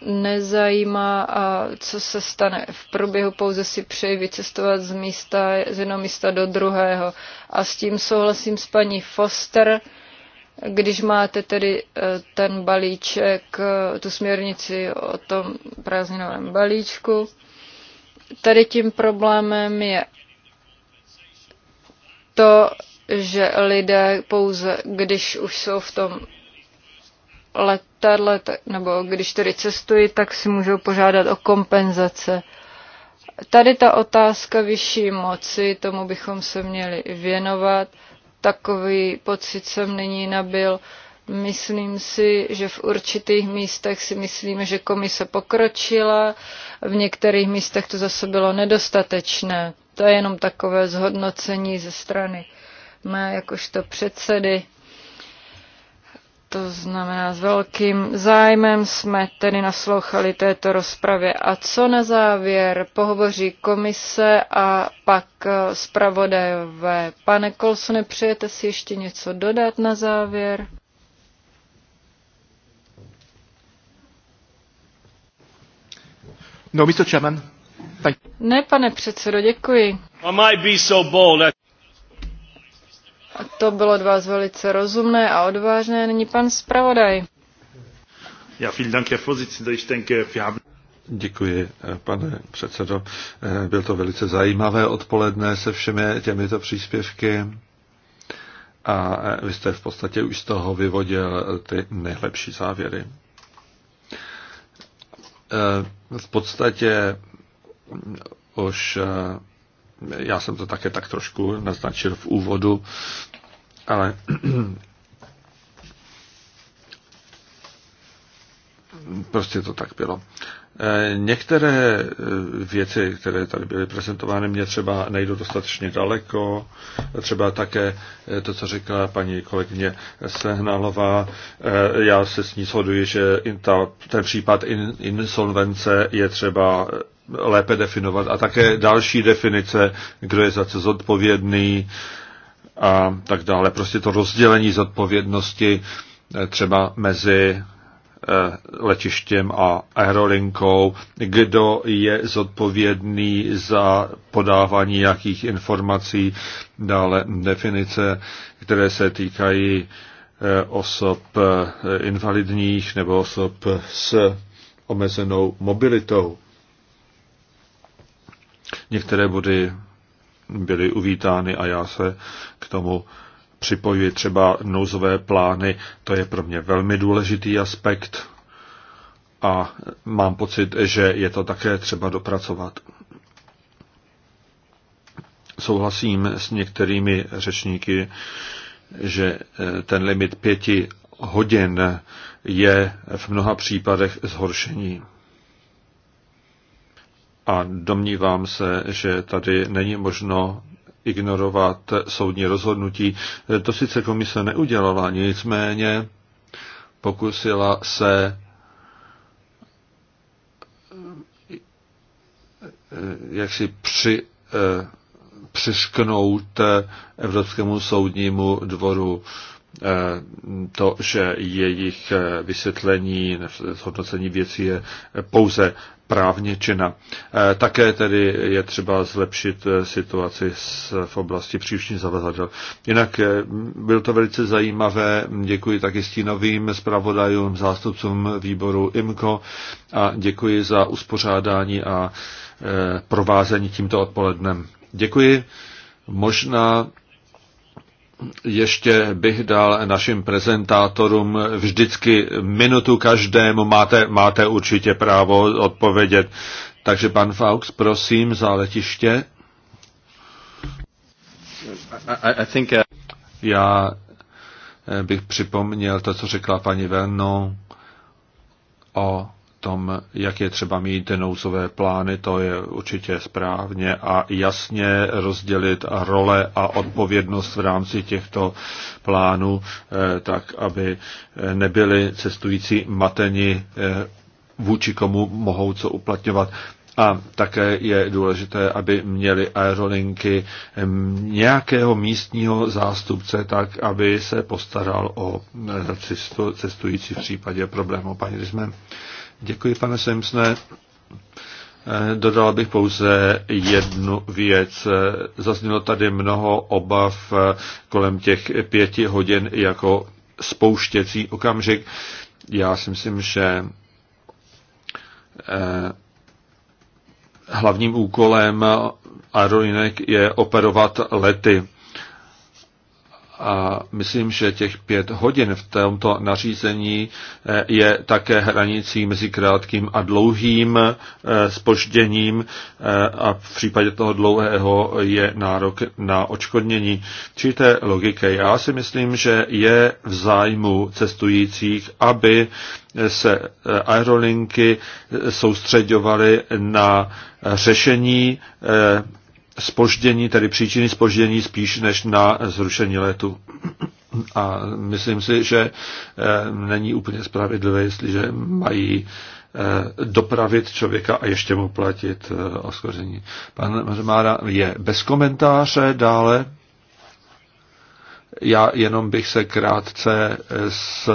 nezajímá, a co se stane v průběhu, pouze si přeji vycestovat z, místa, z jednoho místa do druhého. A s tím souhlasím s paní Foster, když máte tedy e, ten balíček, e, tu směrnici o tom prázdninovém balíčku, tady tím problémem je to, že lidé pouze, když už jsou v tom letadle, nebo když tedy cestují, tak si můžou požádat o kompenzace. Tady ta otázka vyšší moci, tomu bychom se měli věnovat. Takový pocit jsem nyní nabil. Uh, Myslím si, že v určitých místech si myslíme, že komise pokročila, v některých místech to zase bylo nedostatečné. To je jenom takové zhodnocení ze strany mé jakožto předsedy. To znamená, s velkým zájmem jsme tedy naslouchali této rozpravě. A co na závěr pohovoří komise a pak eh, zpravodajové? Pane Kolsone, přejete si ještě něco dodat na závěr? No, Mr. Chairman. Thank ne, pane předsedo, děkuji. I might be so bold that... A to bylo od vás velice rozumné a odvážné. Není pan zpravodaj. Ja, vielen Dank, Herr Vorsitzender. Ich denke, wir Děkuji, pane předsedo. Eh, byl to velice zajímavé odpoledne se všemi těmito příspěvky a eh, vy jste v podstatě už z toho vyvodil eh, ty nejlepší závěry. Eh, v podstatě mm, už eh, já jsem to také tak trošku naznačil v úvodu, ale prostě to tak bylo. Některé eh, věci, které tady byly prezentovány, mě třeba nejdou dostatečně daleko. Třeba také eh, to, co říkala paní kolegyně Sehnalová. Eh, já se s ní shoduji, že ten případ insolvence je třeba lépe definovat. A také další definice, kdo je za co zodpovědný a tak dále. Prostě to rozdělení zodpovědnosti třeba mezi Eh, letištěm a aerolinkou, kdo je zodpovědný za podávání jakých informací, dále definice, které se týkají eh, osob eh, invalidních nebo osob s omezenou mobilitou. Některé body byly uvítány a já se k tomu připojuji třeba nouzové plány, to je pro mě velmi důležitý aspekt a mám pocit, že je to také třeba dopracovat. Souhlasím s některými řečníky, že eh, ten limit pěti hodin je v mnoha případech zhoršení. A domnívám se, že tady není možno ignorovat soudní rozhodnutí. To sice komise neudělala, nicméně pokusila se eh, jak si při, eh, přišknout Evropskému soudnímu dvoru eh, to, že jejich vysvětlení, zhodnocení věcí je pouze právně čina. E, také tedy je třeba zlepšit e, situaci v oblasti příští zavazadel. Jinak e, byl to velice zajímavé. Děkuji taky stínovým zpravodajům, zástupcům výboru IMCO a děkuji za uspořádání a provázení tímto odpolednem. Děkuji. Možná ještě bych dal našim prezentátorům vždycky minutu každému. Máte, máte určitě právo odpovědět. Takže pan Faux, prosím, za letiště. Uh, Já eh, bych připomněl to, co řekla paní Verno o tom, jak je třeba mít nouzové plány, to je určitě správně a jasně rozdělit role a odpovědnost v rámci těchto plánů, eh, tak aby eh, nebyli cestující mateni eh, vůči komu mohou co uplatňovat. A také je důležité, aby měli aerolinky nějakého místního zástupce, tak aby se postaral o cestující v případě problému. Paní jsme Děkuji, pane Simpsone. Eh, dodal bych pouze jednu věc. Eh, zaznělo tady mnoho obav eh, kolem těch pěti hodin jako spouštěcí okamžik. Já si myslím, že hlavním úkolem aerolinek je operovat lety. A myslím, že těch pět hodin v tomto nařízení eh, je také hranicí mezi krátkým a dlouhým spožděním eh, eh, a v případě toho dlouhého je nárok na očkodnění. Či té logiky. Já si myslím, že je v zájmu cestujících, aby se aerolinky soustředovaly na řešení spoždění, tedy příčiny spoždění spíš než na zrušení letu. A myslím si, že eh, není úplně spravedlivé, jestliže mají eh, dopravit člověka a ještě mu platit eh, oskoření. Pan Mára je bez komentáře dále. Já jenom bych se krátce s,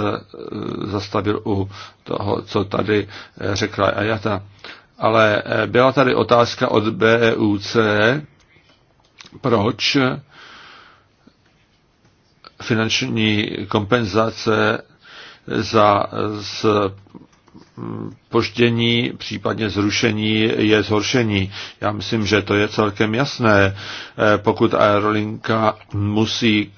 zastavil u toho, co tady řekla Ajata. Ale byla tady otázka od BEUC, proč finanční kompenzace za poždění, případně zrušení je zhoršení. Já myslím, že to je celkem jasné. Pokud aerolinka musí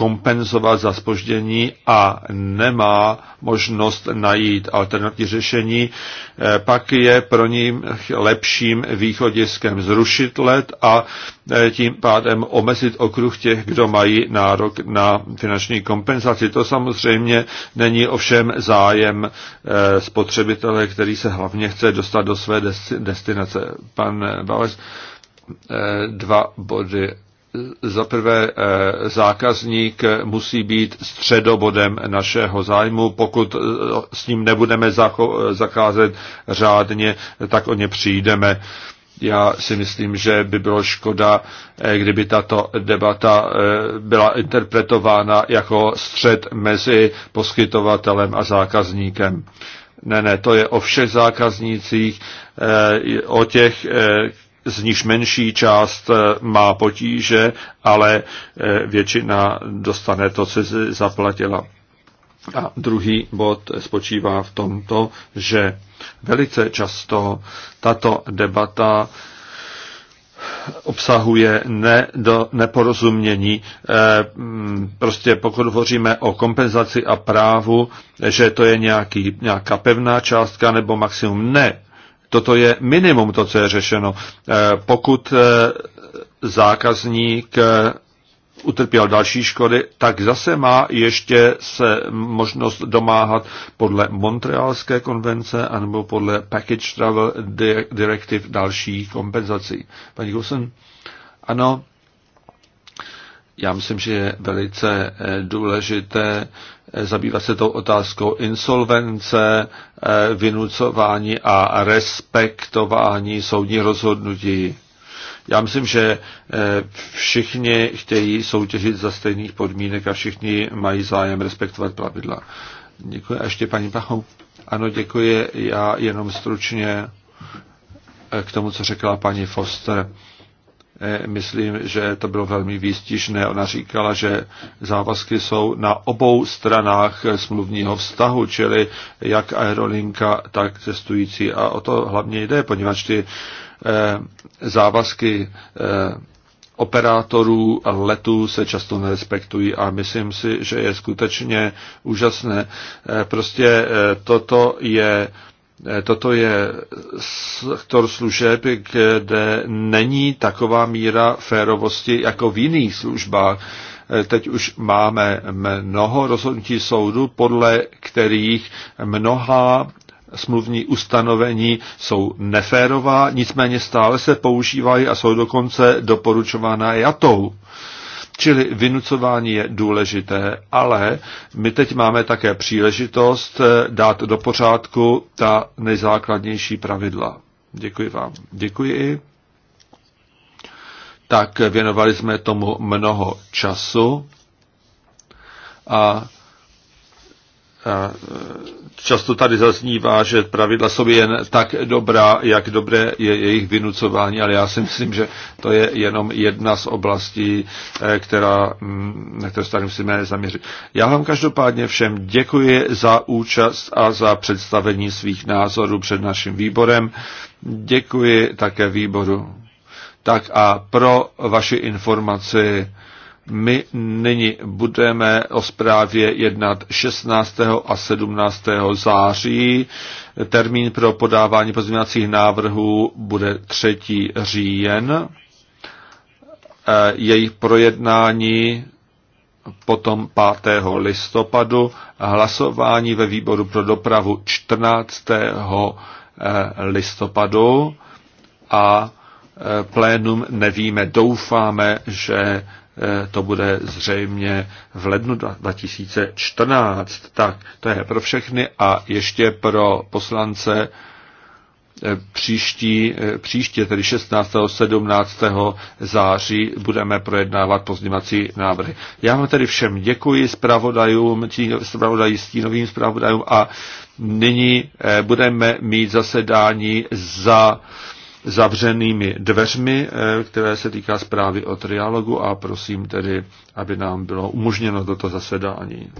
kompenzovat za spoždění a nemá možnost najít alternativní řešení, eh, pak je pro ní lepším východiskem zrušit let a eh, tím pádem omezit okruh těch, kdo mají nárok na finanční kompenzaci. To samozřejmě není ovšem zájem eh, spotřebitele, který se hlavně chce dostat do své destinace. Pan Bales, dva body za prvé eh, zákazník musí být středobodem našeho zájmu. Pokud eh, s ním nebudeme zacházet řádně, tak o ně přijdeme. Já si myslím, že by bylo škoda, eh, kdyby tato debata byla interpretována jako střed mezi poskytovatelem a zákazníkem. Ne, ne, to je o všech zákaznících, o těch, z níž menší část eh, má potíže, ale eh, většina dostane to, co si zaplatila. A druhý bod spočívá v tomto, že velice často tato debata obsahuje ne, do neporozumění. Eh, prostě pokud hovoříme o kompenzaci a právu, že to je nějaký, nějaká pevná částka nebo maximum. Ne, Toto je minimum, to, co je řešeno. Eh, pokud eh, zákazník eh, utrpěl další škody, tak zase má ještě se možnost domáhat podle Montrealské konvence anebo podle Package Travel Directive další kompenzací. Paní Gusen? Ano, já myslím, že je velice důležité zabývat se tou otázkou insolvence, eh, vynucování a respektování soudních rozhodnutí. Já myslím, že eh, všichni chtějí soutěžit za stejných podmínek a všichni mají zájem respektovat pravidla. Děkuji. A ještě paní Pachou. Ano, děkuji. Já jenom stručně eh, k tomu, co řekla paní Foster. E, myslím, že to bylo velmi výstižné. Ona říkala, že závazky jsou na obou stranách smluvního vztahu, čili jak aerolinka, tak cestující. A o to hlavně jde, poněvadž ty e, závazky e, operátorů letů se často nerespektují a myslím si, že je skutečně úžasné. Prostě toto je Eh, toto je sektor služeb, kde není taková míra férovosti jako v jiných službách. Eh, teď už máme mnoho rozhodnutí soudu, podle kterých mnoha smluvní ustanovení jsou neférová, nicméně stále se používají a jsou dokonce doporučována jatou. Čili vynucování je důležité, ale my teď máme také příležitost eh, dát do pořádku ta nejzákladnější pravidla. Děkuji vám. Děkuji. Tak věnovali jsme tomu mnoho času a, a Často tady zaznívá, že pravidla jsou jen tak dobrá, jak dobré je jejich vynucování, ale já si myslím, že to je jenom jedna z oblastí, eh, která, mm, na kterou se tady musíme zaměřit. Já vám každopádně všem děkuji za účast a za představení svých názorů před naším výborem. Děkuji také výboru. Tak a pro vaši informaci my nyní budeme o zprávě jednat 16. a 17. září. Termín pro podávání pozměňovacích návrhů bude 3. říjen. E, jejich projednání potom 5. listopadu hlasování ve výboru pro dopravu 14. E, listopadu a e, plénum nevíme, doufáme, že Eh, to bude zřejmě v lednu 2014. Tak, to je pro všechny a ještě pro poslance eh, příští, eh, příště, tedy 16. 17. září, budeme projednávat pozněvací návrhy. Já vám tedy všem děkuji, zpravodajům, zpravodají, stínovým zpravodajům a nyní budeme mít zasedání za zavřenými dveřmi, eh, které se týká zprávy o trialogu a prosím tedy, aby nám bylo umožněno toto zasedání.